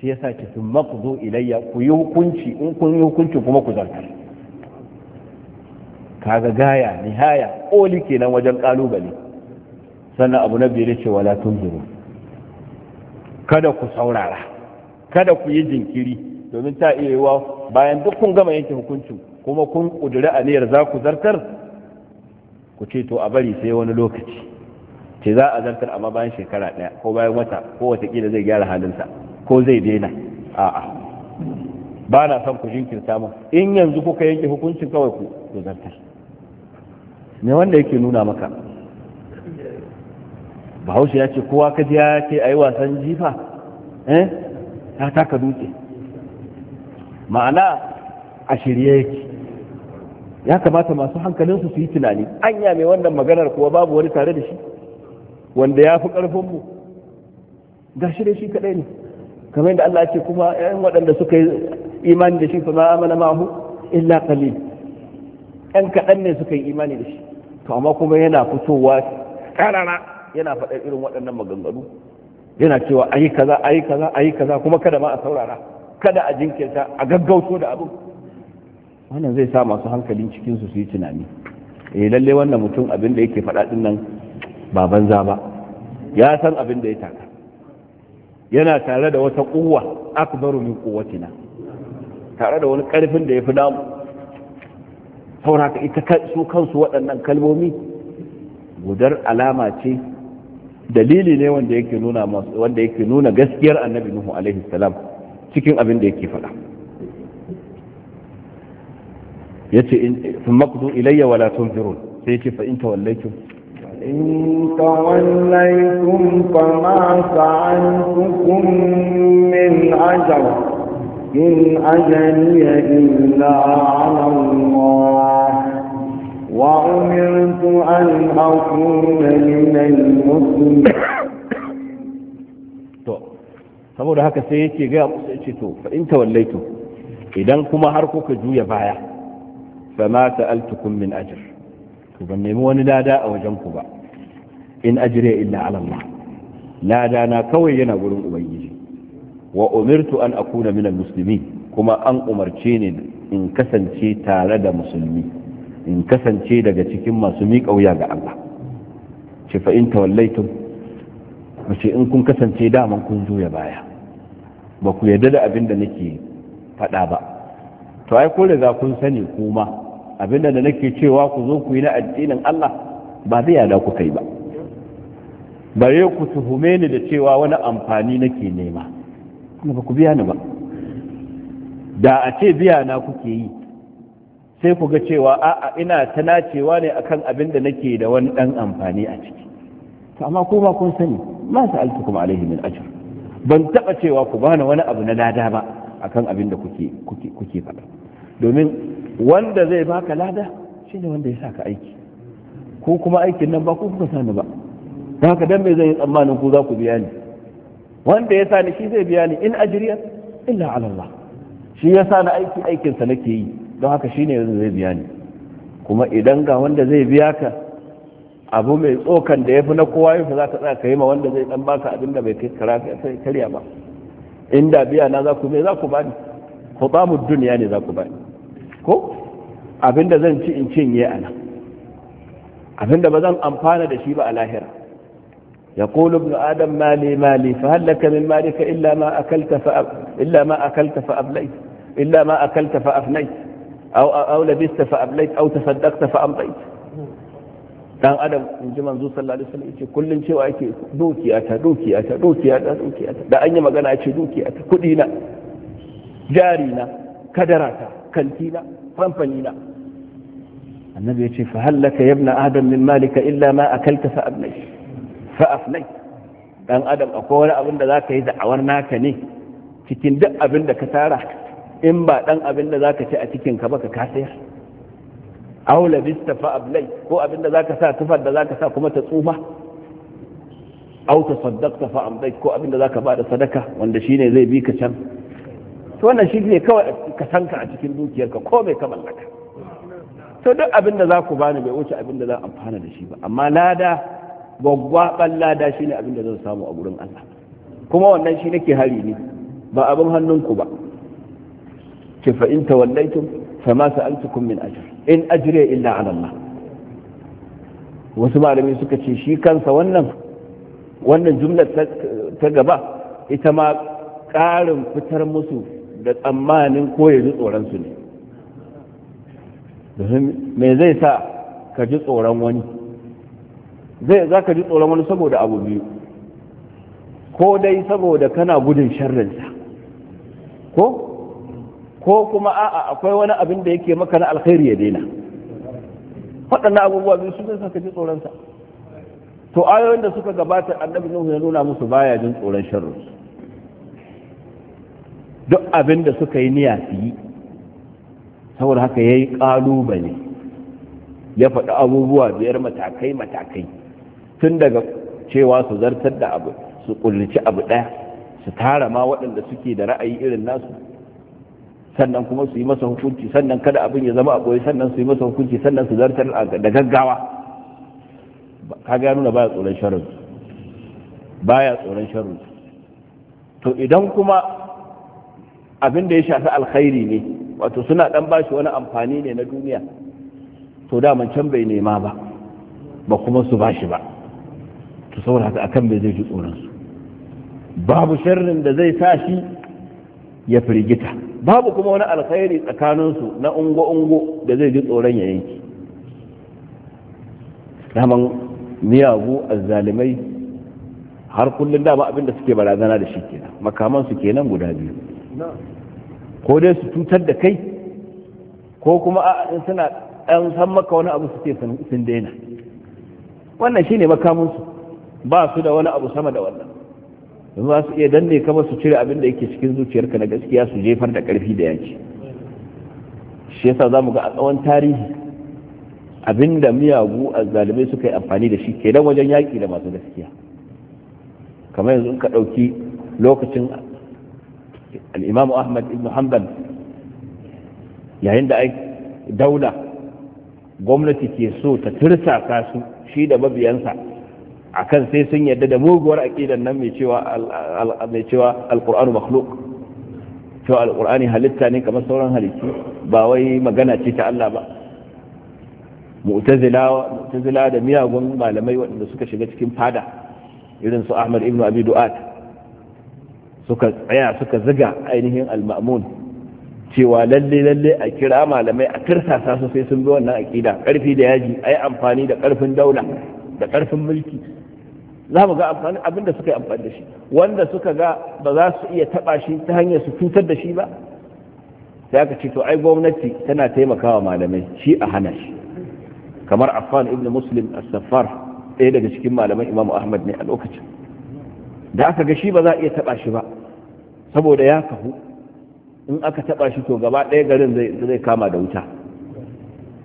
shi yasa ki sun zo ilayya ku yi hukunci in kun yi hukunci kuma ku zarta kaga gaya nihaya koli kenan wajen kalubale sannan abu na biyar ce wala tunzuru kada ku saurara kada ku yi jinkiri domin ta iya bayan duk kun gama yanke hukunci kuma kun kudura aniyar za ku zartar ku ce to a bari sai wani lokaci ce za a zartar amma bayan shekara ɗaya ko bayan wata ko watakila zai gyara halinsa ko zai daina a'a ba na son ku jinkirta samun in yanzu kuka yanke hukuncin kawai ku ku zartar me wanda yake nuna maka bahaushe ya ce kowa kaji ya ce a yi wasan jifa eh ta taka dutse ma'ana a shirye yake ya kamata masu hankalinsu su yi tunani anya mai wannan maganar kuwa babu wani tare da shi wanda ya fi ƙarfinmu ga shi shi kaɗai ne kamar yadda Allah ce kuma ƴan waɗanda suka yi imani da shi fa ma ma'ahu illa qalil yan kaɗan ne suka yi imani da shi to amma kuma yana fitowa karara yana faɗar irin waɗannan maganganu yana cewa ayi kaza ayi kaza ayi kaza kuma kada ma a saurara kada a jinkirta a gaggauto da abu wannan zai sa masu hankalin cikin su su yi tunani eh lalle wannan mutum abin da yake faɗa din nan ba banza ba ya san abin da ya taka yana tare da wata kuwa akbaru min quwwatina tare da wani karfin da yafi damu, sauraka ita su kansu waɗannan kalmomi gudar alama ce dalili ne wanda yake nuna wanda yake nuna gaskiyar annabi nuhu alaihi salam cikin abin da yake faɗa yace in makdu ilayya wala tunzirun sai yace fa in tawallaytum إن توليتم فما فعلتكم من أجر إن أجري إلا على الله وأمرت أن أكون من المسلمين saboda haka sai yake gaya musu ya ce to fa in tawallaitu idan kuma har kuka juya baya fa ma sa'altukum min ajr to ban nemi wani lada a wajen ku ba in ajriya illa ala Allah lada na kawai yana gurin ubangiji wa umirtu an akuna minal muslimin kuma an umarce ni in kasance tare da musulmi in kasance daga cikin masu miƙauya ga Allah ce fa in tawallaitum mace in kun kasance daman kun juya baya ba ku yarda da abin da nake faɗa ba to ai ko za kun sani kuma abinda da nake cewa ku zo ku yi na addinin Allah ba zai yada ku kai ba bare ku tuhume ni da cewa wani amfani nake nema kuma ba ku biya ni ba da a ce biya na kuke yi sai ku ga cewa a'a ina ta nacewa ne akan abin da nake da wani dan amfani a ciki to amma ko ba kun sani ma sa'altukum alaihi min ajr ban taba cewa ku bani wani abu na lada ba akan abin da kuke kuke kuke faɗa domin wanda zai baka lada shine wanda ya saka aiki ko kuma aikin nan ba ku kuka sani ba don haka dan me zai yi tsammanin ku za ku biya ni wanda ya sani shi zai biya ni in ajriya illa ala Allah shi ya sani aiki aikin sa nake yi don haka shi yanzu zai biya ni kuma idan ga wanda zai biya ka abu mai tsokan da ya fi na kowa yi za ka tsaya ka yi ma wanda zai dan baka abin da bai kai karya ba inda biya na za ku me za ku bani hutamu duniya ne za ku bani ko abinda zan ci in cinye a nan abinda ba zan amfana da shi ba a lahira يقول ابن آدم مالي مالي فهل لك من مالك إلا ما أكلت فأب... إلا ما ma فأبليت إلا ما أكلت فأفنيت أو fa لبست فأبليت أو تصدقت فأمضيت dan adam in ji manzo sallallahu alaihi wasallam yace kullun cewa yake dukiya ta dukiya ta dukiya ta dukiya ta da an magana yace dukiya ta kudi na jari na kadara ta kantina kamfani na annabi ya ce fa hallaka yabna adam min malika illa ma akalta fa abnai fa afnai dan adam akwai wani abin da zaka yi da'awar naka ne cikin duk abin da ka tara in ba dan abin da zaka ci a cikin ka baka ka sayar aw labista fa ablai ko abin da zaka sa tufar da zaka sa kuma ta tsufa aw tasaddaqta fa amdai ko abin da zaka ba da sadaka wanda shine zai bi ka can to wannan shi ne kawai ka sanka a cikin dukiyarka ko mai ka mallaka to duk abin da za ku bani bai wuce abin da zan amfana da shi ba amma lada gwaggwaban lada ne abin da zan samu a gurin Allah kuma wannan shi nake hari ne ba abin hannunku ba ce fa in tawallaitum fama sa'altukum min ajr in ajri illa ala Allah wasu malamai suka ce shi kansa wannan wannan jumlar ta gaba ita ma ƙarin fitar musu da tsammanin ko ya ji tsoronsu ne domin me zai sa ka ji tsoron wani zai za ka ji tsoron wani saboda abu biyu ko dai saboda kana gudun sharrinsa ko ko kuma a'a akwai wani abin da yake maka na alkhairi ya daina waɗannan abubuwa biyu su zai sa ka ji tsoronsa to ayoyin da suka gabata annabi nuhu ya nuna musu baya jin tsoron sharrinsu duk abin da suka yi niyya su yi saboda haka ya yi ƙalubale ya faɗi abubuwa biyar matakai-matakai tun daga cewa su zartar da abu su ƙulci abu ɗaya su tara ma waɗanda suke da ra'ayi irin nasu sannan kuma su yi masa hukunci sannan kada abin ya zama a ɓoye sannan su yi masa hukunci sannan su zartar da gaggawa ka ga nuna baya tsoron sharri baya tsoron sharri to idan kuma abin da ya shafi alkhairi ne wato suna dan bashi wani amfani ne na duniya to da man can bai nema ba ba kuma su bashi ba to saboda haka akan bai zai ji tsoronsu babu sharrin da zai sa shi ya firgita babu kuma wani alkhairi su na ungo-ungo da zai ji tsoron ya yanki daman miyagu azzalimai har kullum dama abin da suke barazana da shi kenan su kenan guda biyu ko dai su tutar da kai ko kuma a suna ɗan san maka wani abu su ce sun daina wannan shi ne makamunsu ba su da wani abu sama da wannan yanzu za su iya danne kama su cire abin da yake cikin zuciyarka na gaskiya su jefar da ƙarfi da yaki shi yasa za mu ga a tsawon tarihi abin da miyagu a zalibai suka yi amfani da shi kenan wajen yaki da masu gaskiya kamar yanzu in ka ɗauki lokacin al'imamu ahmad ibn hanbal yayin da daula gwamnati ke so ta tirsasa su shi da mabiyansa akan sai sun yadda da muguwar aƙidan nan mai cewa alƙur'anu makhluk cewa alƙur'ani halitta ne kamar sauran halittu ba wai magana ce ta Allah ba mu'tazila da miyagun malamai waɗanda suka shiga cikin fada irin su ahmad ibn abi du'at suka tsaya suka ziga ainihin al-ma'mun cewa lalle lalle a kira malamai a tirsasa su sai sun bi wannan aqida karfi da yaji ai amfani da karfin daula da karfin mulki za mu ga amfani abinda suka yi amfani da shi wanda suka ga ba za su iya taba shi ta hanyar su cutar da shi ba sai aka ce to ai gwamnati tana taimakawa malamai shi a hana shi kamar affan ibn muslim as-saffar ɗaya daga cikin malaman imamu ahmad ne a lokacin da aka ga shi ba za a iya taɓa shi ba saboda ya kahu in aka taɓa shi to gaba ɗaya garin zai kama da wuta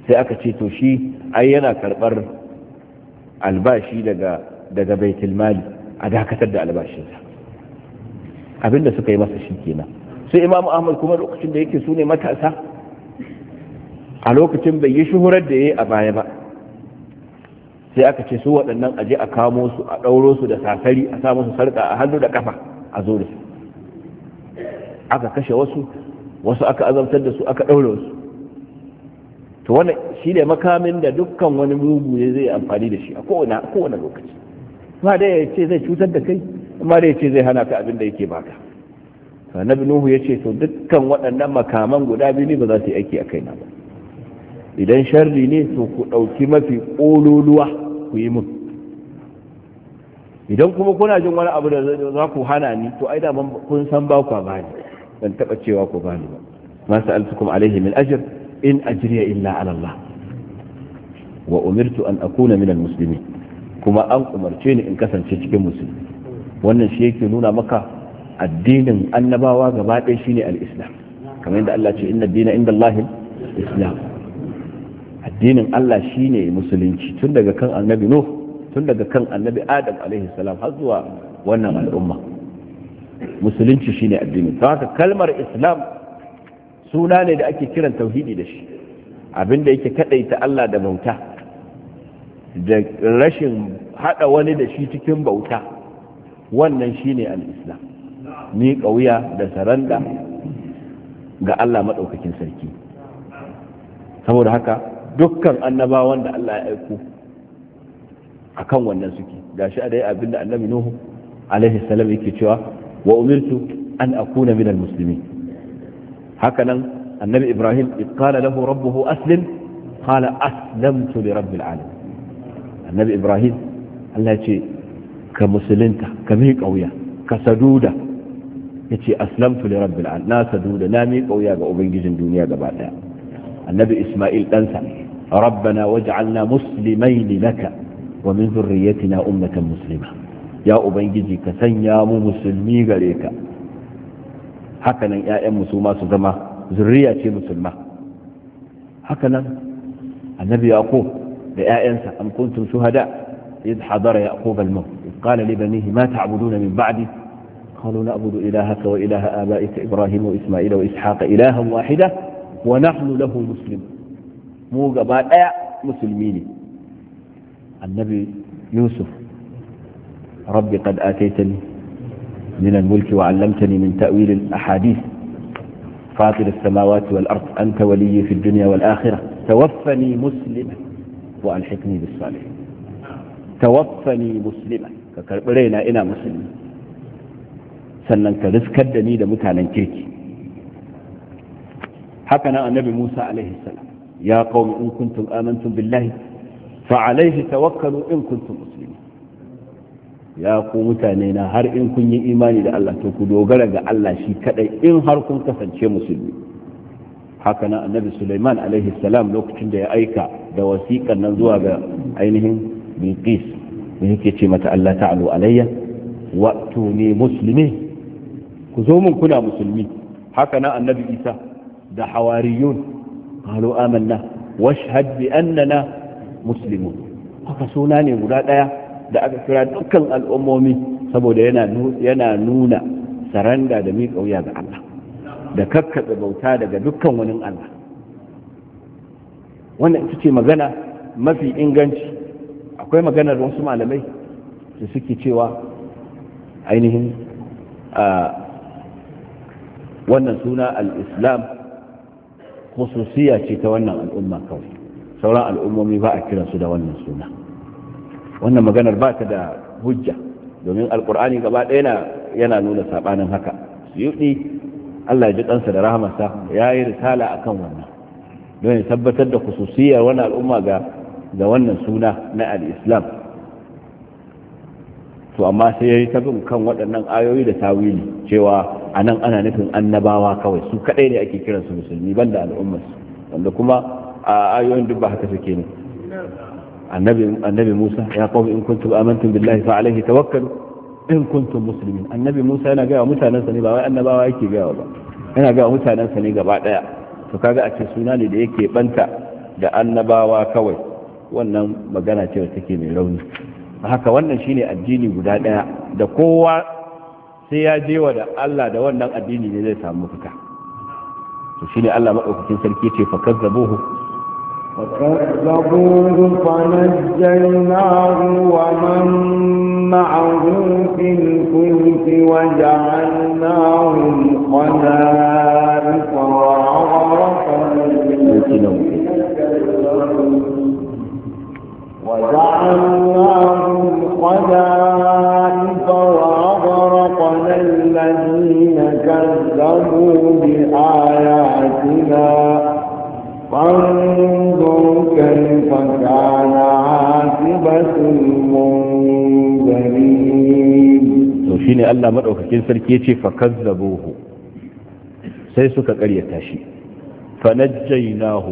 sai aka ce to shi ai yana karɓar albashi daga daga baitul mali a dakatar da albashinsa abinda suka yi masa shi kenan sai imamu ahmad kuma lokacin da yake su ne matasa a lokacin bai yi shuhurar da ya a baya ba sai aka ce su waɗannan aje a kamo su a ɗauro su da sasari a sa su sarƙa a hannu da ƙafa a zo da su aka kashe wasu wasu aka azabtar da su aka ɗaure wasu to wannan shi ne makamin da dukkan wani mugu ne zai amfani da shi a kowane lokaci ma da ya ce zai cutar da kai ma da ya ce zai hana ka abin da yake baka annabi nuhu ya ce to dukkan waɗannan makaman guda biyu ne ba za su yi aiki a kai na ba idan sharri ne to ku ɗauki mafi ƙololuwa ku yi mun idan kuma kuna jin wani abu da za ku hana ni to ai kun san ba ku ba ni ban taɓa cewa ku ba ni ba ma sa'altukum alaihi min ajr in ajriya illa ala Allah wa umirtu an akuna min muslimin kuma an umarce ni in kasance cikin musulmi wannan shi yake nuna maka addinin annabawa gaba ɗaya shine al-islam kamar yadda Allah ce inna dina inda Allah islam addinin Allah shine musulunci tun daga kan annabi Nuh tun daga kan annabi Adam alaihi salam har zuwa wannan al'umma musulunci shine addini to haka kalmar islam suna ne da ake kiran tauhidi da shi abinda yake kadaita Allah da bauta da rashin hada wani da shi cikin bauta wannan shine al-islam ni kauya da saranda ga Allah madaukakin sarki saboda haka dukkan annabawan da Allah ya aiko kan wannan suke gashi a dai abinda annabi nuhu alaihi salam yake cewa wa umirtu an akuna minal muslimin haka nan annabi ibrahim qala lahu rabbuhu aslim qala aslamtu li rabbil alamin annabi ibrahim Allah ya ce ka musulunta ka mi kauya ka saduda yace aslamtu li rabbil alamin na saduda na mi kauya ga ubangijin duniya gaba daya النبي إسماعيل أنسى ربنا واجعلنا مسلمين لك ومن ذريتنا أمة مسلمة يا أبنجزي كسن يا مسلمي غريك حكنا يا أم سوما سوما ذرية مسلمة حكنا النبي يقول أنسى أم كنتم شهداء إذ حضر يأقوب الموت إذ قال لبنيه ما تعبدون من بعدي قالوا نعبد إلهك وإله آبائك إبراهيم وإسماعيل وإسحاق إلها واحدة ونحن له مسلم مو غبا ديا مسلمين النبي يوسف ربي قد اتيتني من الملك وعلمتني من تاويل الاحاديث فاطر السماوات والارض انت ولي في الدنيا والاخره توفني مسلما والحقني بالصالحين توفني مسلما ككربرينا انا مسلم سنن كرسكدني ده متانن كيكي haka nan annabi Musa alaihi salam ya qaumi in kuntum amantum billahi fa alaihi tawakkalu in kuntum muslimin ya ku mutane na har in kun yi imani da Allah to ku dogara ga Allah shi kadai in har kun kasance musulmi haka nan annabi Sulaiman alaihi salam lokacin da ya aika da wasiƙan nan zuwa ga ainihin Bilqis da yake ce mata Allah ta'alu alayya wa tuni muslimi ku zo mun kuna musulmi haka nan annabi Isa da hawariyun halu amanna washhad bi annana muslimun haka suna ne guda daya da aka kira dukkan al'ummomi saboda yana yana nuna saranda da miƙa wuya ga Allah da kakkaɓe bauta daga dukkan wani Allah wannan ita ce magana mafi inganci akwai maganar wasu malamai da suke cewa ainihin a wannan suna al-islam khususiya ce ta wannan al'umma kawai sauran al'ummomi ba a kira su da wannan suna wannan maganar ba ta da hujja domin alkur'ani gaba ɗaya yana nuna saɓanin haka suyuɗi Allah ya ji ɗansa da rahamarsa ya yi risala a kan wannan don ya tabbatar da khususiyar wannan al'umma ga ga wannan suna na al'islam to amma sai ya yi tabin kan waɗannan ayoyi da tawili cewa a nan ana nufin annabawa kawai su kadai ne ake kiransu musulmi banda al'ummarsu wanda kuma a ayoyin duk ba haka suke ne annabi musa ya kawo in kuntu amantum billahi fa alaihi tawakkalu in kuntu muslimin annabi musa yana gaya wa mutanensa ne ba wai annabawa yake gaya ba yana gaya wa mutanensa ne gaba daya to kaga a ce suna ne da yake banta da annabawa kawai wannan magana ce wacce take mai rauni haka wannan shine addini guda daya da kowa sai ya je wa da Allah da wannan addini ne zai samu fita to shine Allah madaukakin sarki ce fa kazzabuhu fa kazzabuhu fa najjaynahu wa man ma'ahu fil fulki wa wanda khala'iqa wa 'arafa وذلك وأغرقنا الذين كذبوا بآياتنا فانظر كيف كان عاقبة shine Allah maɗaukakin sarki yace fa kazzabuhu sai suka karyata shi fa najjaynahu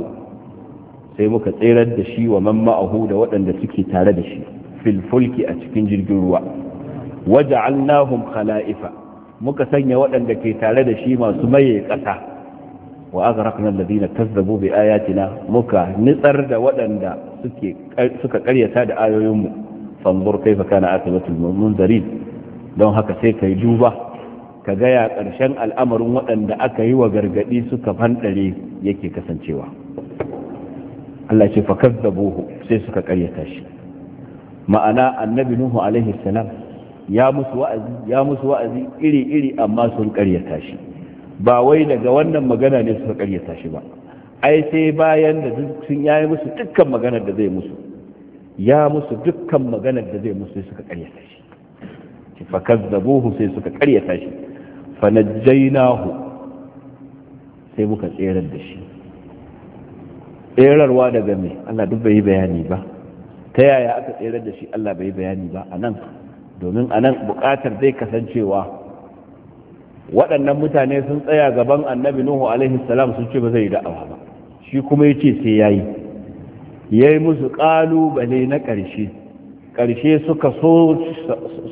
sai muka tsirar da shi wa man da waɗanda suke tare da shi filfulki a cikin jirgin ruwa waja'alnahum khala'ifa muka sanya waɗanda ke tare da shi masu maye ƙasa wa aghraqna da kazzabu bi ayatina muka nitsar da waɗanda suka ƙaryata da ayoyinmu fanzur kaifa kana akibatul munzirin don haka sai kai duba ka gaya ƙarshen al'amarin waɗanda aka yi wa gargaɗi suka fanɗare yake kasancewa Allah ce fa kazzabuhu sai suka ƙaryata shi ma'ana annabi nuhu alaihi salam ya musu wa'azi ya musu wa'azi iri iri amma sun karyata shi ba wai daga wannan magana ne suka karyata shi ba ai sai bayan da sun yayi musu dukkan maganar da zai musu ya musu dukkan maganar da zai musu suka karyata shi fa kazzabuhu sai suka karyata shi fa najjaynahu sai muka tserar da shi tserarwa daga me Allah duk bai yi bayani ba ta yaya aka tsere da shi Allah bai bayani ba a nan domin a nan buƙatar zai kasancewa waɗannan mutane sun tsaya gaban annabi nuhu alaihi salam sun ce ba zai yi da'awa ba shi kuma ya ce sai ya yi ya yi musu ƙalubale na ƙarshe ƙarshe suka so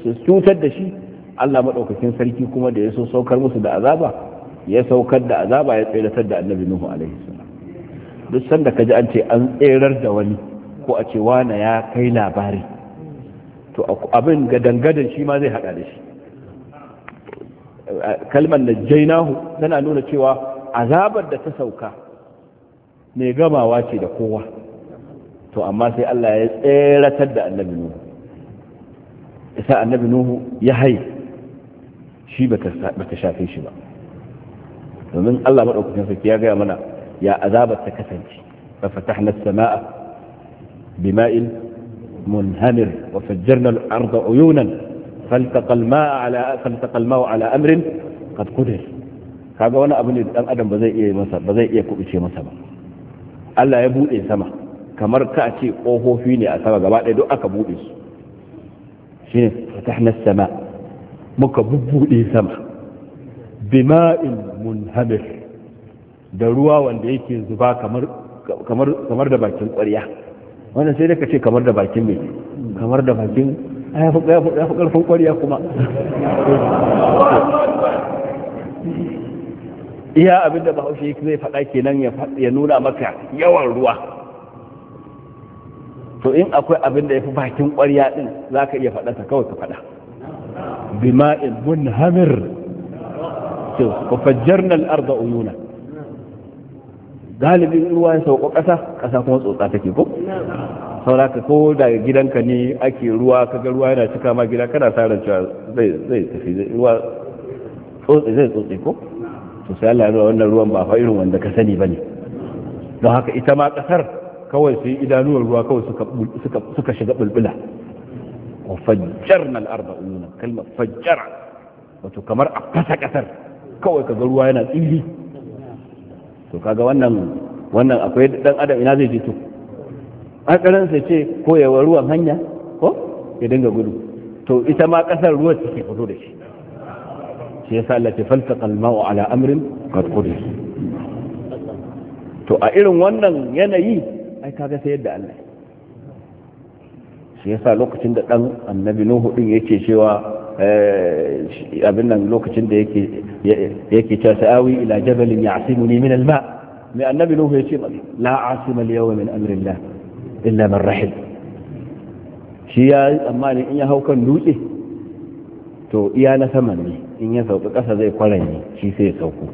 su cutar da shi Allah maɗaukakin sarki kuma da ya so saukar musu da azaba ya saukar da azaba ya tseratar da annabi nuhu alaihi salam duk sanda ka ji an ce an tserar da wani ko a ce wane ya kai labari to abin gadangadan shi ma zai haɗa da shi kalmar jainahu tana nuna cewa azabar da ta sauka mai gamawa ce da kowa to amma sai Allah ya tseratar da annabi nuhu isa annabi nuhu ya hai shi ba ta shafe shi ba domin Allah maɗaukacin sarki ya gaya mana ya azabar ta kasance ba na sama'a بماء منهمر وفجرنا الأرض عيونا فالتقى الماء على فالتقى الماء على أمر قد قدر kaga wani abu ne dan adam ba zai iya masa ba zai iya kubuce masa ba Allah ya bude sama kamar ka ce kofofi ne a sama gaba ɗaya duk aka bude su shine fatahna sama muka bubbude sama bima'in munhamir da ruwa wanda yake zuba kamar kamar kamar da bakin ƙwarya wannan sai da ka ce kamar da bakin mai kamar da bakin ya fi ƙarfin ƙwariya kuma iya abinda bahaushe zai faɗa kenan ya nuna maka yawan ruwa to in akwai abinda ya fi bakin ƙwariya ɗin za ka iya faɗa ta kawai ka faɗa bima'in munhamir to ku fajjarna al'arda uyuna galibin ruwa ya sauko ƙasa ƙasa kuma tsotsa take ko sauraka ko da gidanka ne ake ruwa kaga ruwa yana cika ma gida kana sa ran cewa zai zai tafi ruwa tsotsi zai tsotsi ko to sai Allah ya wannan ruwan ba fa irin wanda ka sani bane don haka ita ma ƙasar kawai sai idanuwar ruwa kawai suka suka suka shiga bulbula wa fajjarna al-arda kalmar fajjara wato kamar a fasa ƙasar kawai kaga ruwa yana tsili to kaga wannan wannan akwai dan adam ina zai ji to karan sai ce ko yawa ruwan hanya ko ya dinga gudu to ita ma kasar ruwa take fito da shi shi yasa Allah ta faltaqa al-ma'u ala amrin qad qudir to a irin wannan yanayi ai kaga sai yadda Allah shi yasa lokacin da dan annabi Nuhu din yake cewa Eh, abin nan lokacin da yake ta sa'awi ila jabalin ya asimu ne min alma mai annabi nuhu ya ce la asima al min amrillah illa man rahim shi ya yi tsammani in ya hau kan dutse to iya na sama ne in ya sauka ƙasa zai ne shi sai ya sauko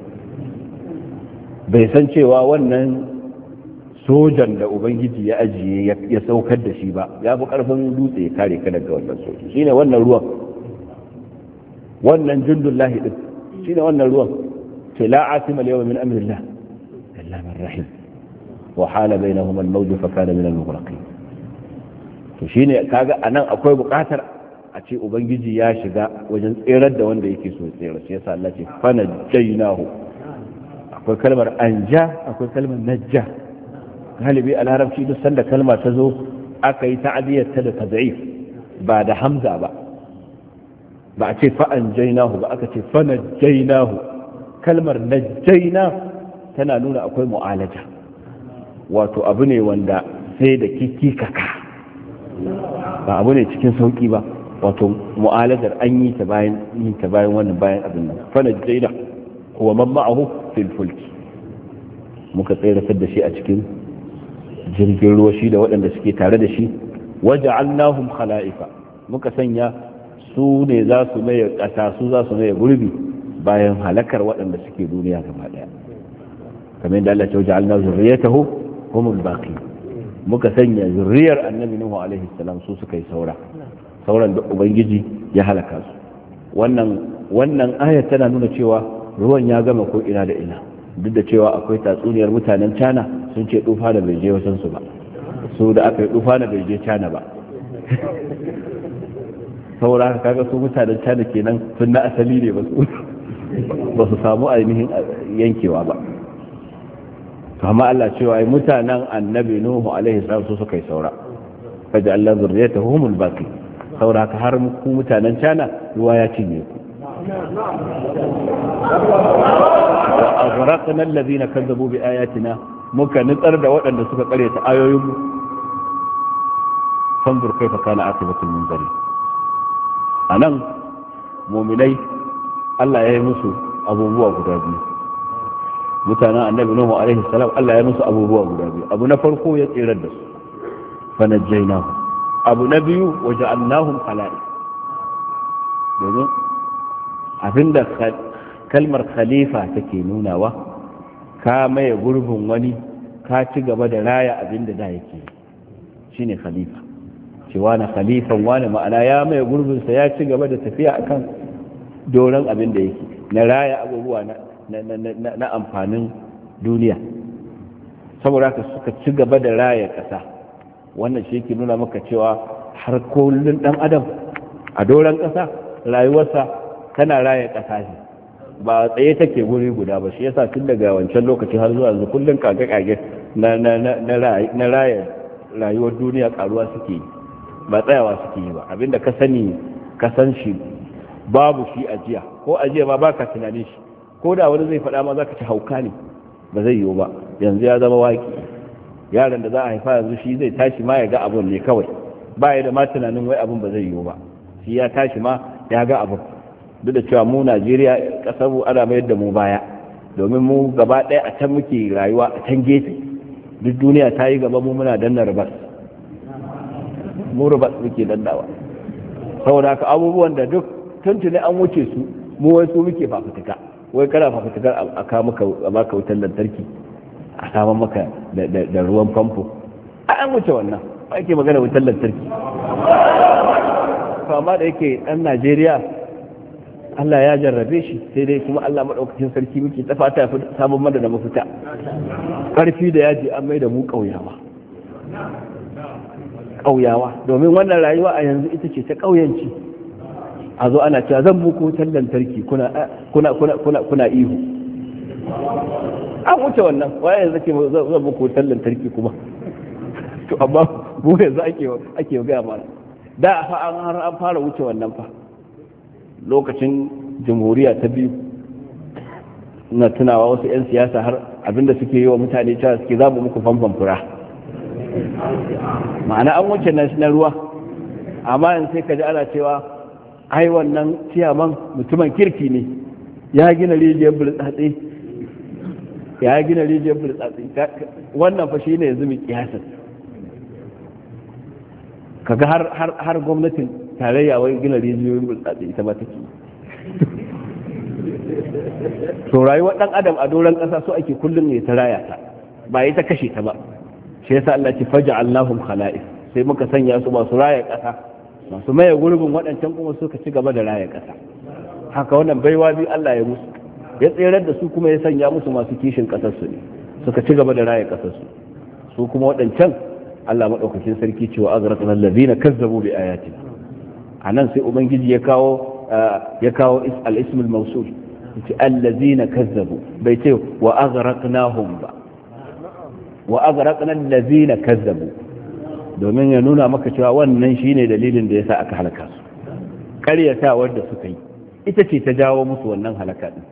bai san cewa wannan sojan da ubangiji ya ajiye ya saukar da shi ba ya fi karfin dutse ya kare ka daga wannan soji shine wannan ruwan wannan jundullahi din shine wannan ruwan ce la asima al min amrillah illa man rahim wa hala fa kana min al-mughraqin to ne kaga anan akwai buƙatar a ce ubangiji ya shiga wajen tserar da wanda yake so tsere shi yasa Allah ce fa najjaynahu akwai kalmar anja akwai kalmar najja galibi a larabci duk sanda kalma ta zo aka yi ta'adiyar ta da taza'if ba da hamza ba ba a ce fa'an jainahu ba aka ce fana jainahu kalmar na jaina tana nuna akwai mu'alaja wato abu ne wanda sai da kiki kaka ba abu ne cikin sauki ba wato mu'alajar an yi ta bayan yi ta bayan wannan bayan abin nan fana jaina kuwa man ma'ahu muka tsayar da shi a cikin jirgin ruwa shi da waɗanda suke tare da shi waja'alnahum khala'ifa muka sanya su ne za su maye ƙasa su za su maye gurbi bayan halakar waɗanda suke duniya gaba ɗaya kamar yadda Allah ya wuce alna zurriyatahu humul baqi muka sanya zurriyar annabi nuhu alaihi salam su suka yi saura sauran da ubangiji ya halaka su wannan wannan ayar tana nuna cewa ruwan ya gama ko ina da ina duk da cewa akwai tatsuniyar mutanen cana sun ce tufa da bai je wasan su ba su da aka yi tufa da bai je cana ba saboda haka kaga su mutanen china kenan sun na asali ne ba su samu ainihin yankewa ba amma Allah cewa ai mutanen annabi nuhu alaihi salatu su suka yi saura kaji Allah zurriyata humul baqi saura ka har ku mutanen china ruwa ya cinye ku وأغرقنا الذين كذبوا بآياتنا muka nutsar da waɗanda suka ƙare ta ayoyin mu fanzur kaifa kana aqibatul munzari a nan muminai Allah ya yi musu abubuwa guda biyu mutanen annabi nuhu alaihi salam Allah ya yi musu abubuwa guda biyu abu na farko ya tsirar da su fa najjaynahu abu na biyu waje annahun khala'i domin abinda kalmar khalifa take nunawa ka maye gurbin wani ka ci gaba da raya abinda da yake shine khalifa cewa na khalifan wani ma'ana ya mai gurbinsa ya ci gaba da tafiya akan doron abin da yake na raya abubuwa na amfanin duniya saboda haka suka ci gaba da raya ƙasa wannan shi ke nuna maka cewa har kullum ɗan adam a doron ƙasa rayuwarsa tana raya ƙasa ne ba tsaye take guri guda ba shi yasa tun daga wancan lokacin har zuwa yanzu kullum kage-kage na raya rayuwar duniya karuwa suke yi ba tsayawa suke yi ba abinda ka sani ka san shi babu shi ajiya ko ajiya ma baka tunanin shi ko da wani zai faɗa ma zaka ci hauka ne ba zai yiwu ba yanzu ya zama waki yaron da za a haifa yanzu shi zai tashi ma ya ga abun ne kawai ba ya da ma tunanin wai abun ba zai yiwu ba shi ya tashi ma ya ga abun duk da cewa mu Najeriya kasar mu ana mayar da mu baya domin mu gaba ɗaya a can muke rayuwa a can gefe duk duniya ta yi gaba mu muna danna rabar. murbat muke dannawa saboda ka abubuwan da duk tuntuni an wuce su mu wai su muke fafutuka wai kana fafutukar a kama maka a baka wutar lantarki a saman maka da ruwan famfo an wuce wannan ba ake magana wutar lantarki amma da yake dan Najeriya Allah ya jarrabe shi sai dai kuma Allah maɗaukacin sarki muke tafata fata samun mana da mafita ƙarfi da yaji an mai da mu ƙauyawa ƙauyawa domin wannan rayuwa a yanzu ita ce ta ƙauyanci a zo ana cewa zan muku wutar lantarki kuna ihu an wuce wannan waya yanzu ke zan muku wutar lantarki kuma <laughs> to amma mu yanzu ake gaya mana da fa an fara wuce wannan fa lokacin jamhuriya ta biyu na tunawa wasu 'yan siyasa har abinda suke yi wa mutane cewa suke zamu muku famfan fura ma'ana an wuce na ruwa amma in sai ka ji ana cewa ai wannan ciyaman mutumin kirki ne ya gina rijiyar burtsatse ya gina rijiyar burtsatse wannan fa shine yanzu mu kiyasa kaga har har har gwamnatin tarayya wai gina rijiyoyin burtsatse ita ba take to rayuwar dan adam a doron kasa so ake kullum ne ta raya ta ba ita kashe ta ba shi yasa Allah ce faja'alnahum khala'if sai muka sanya su masu raya ƙasa masu maye gurbin waɗancan kuma suka ci gaba da raya ƙasa haka wannan baiwa biyu Allah ya musu ya tserar da su kuma ya sanya musu masu kishin ƙasar su ne suka ci gaba da raya ƙasar su su kuma waɗancan Allah madaukakin sarki cewa azraqna allazina kazzabu bi ayatina anan sai ubangiji ya kawo ya kawo al-ismul mawsul yace allazina kazzabu bai ce wa azraqnahum ba wa azraqna allazina kazzabu domin ya nuna maka cewa wannan shine dalilin da yasa aka halaka su ƙaryata wanda suka yi ita ce ta jawo musu wannan halaka din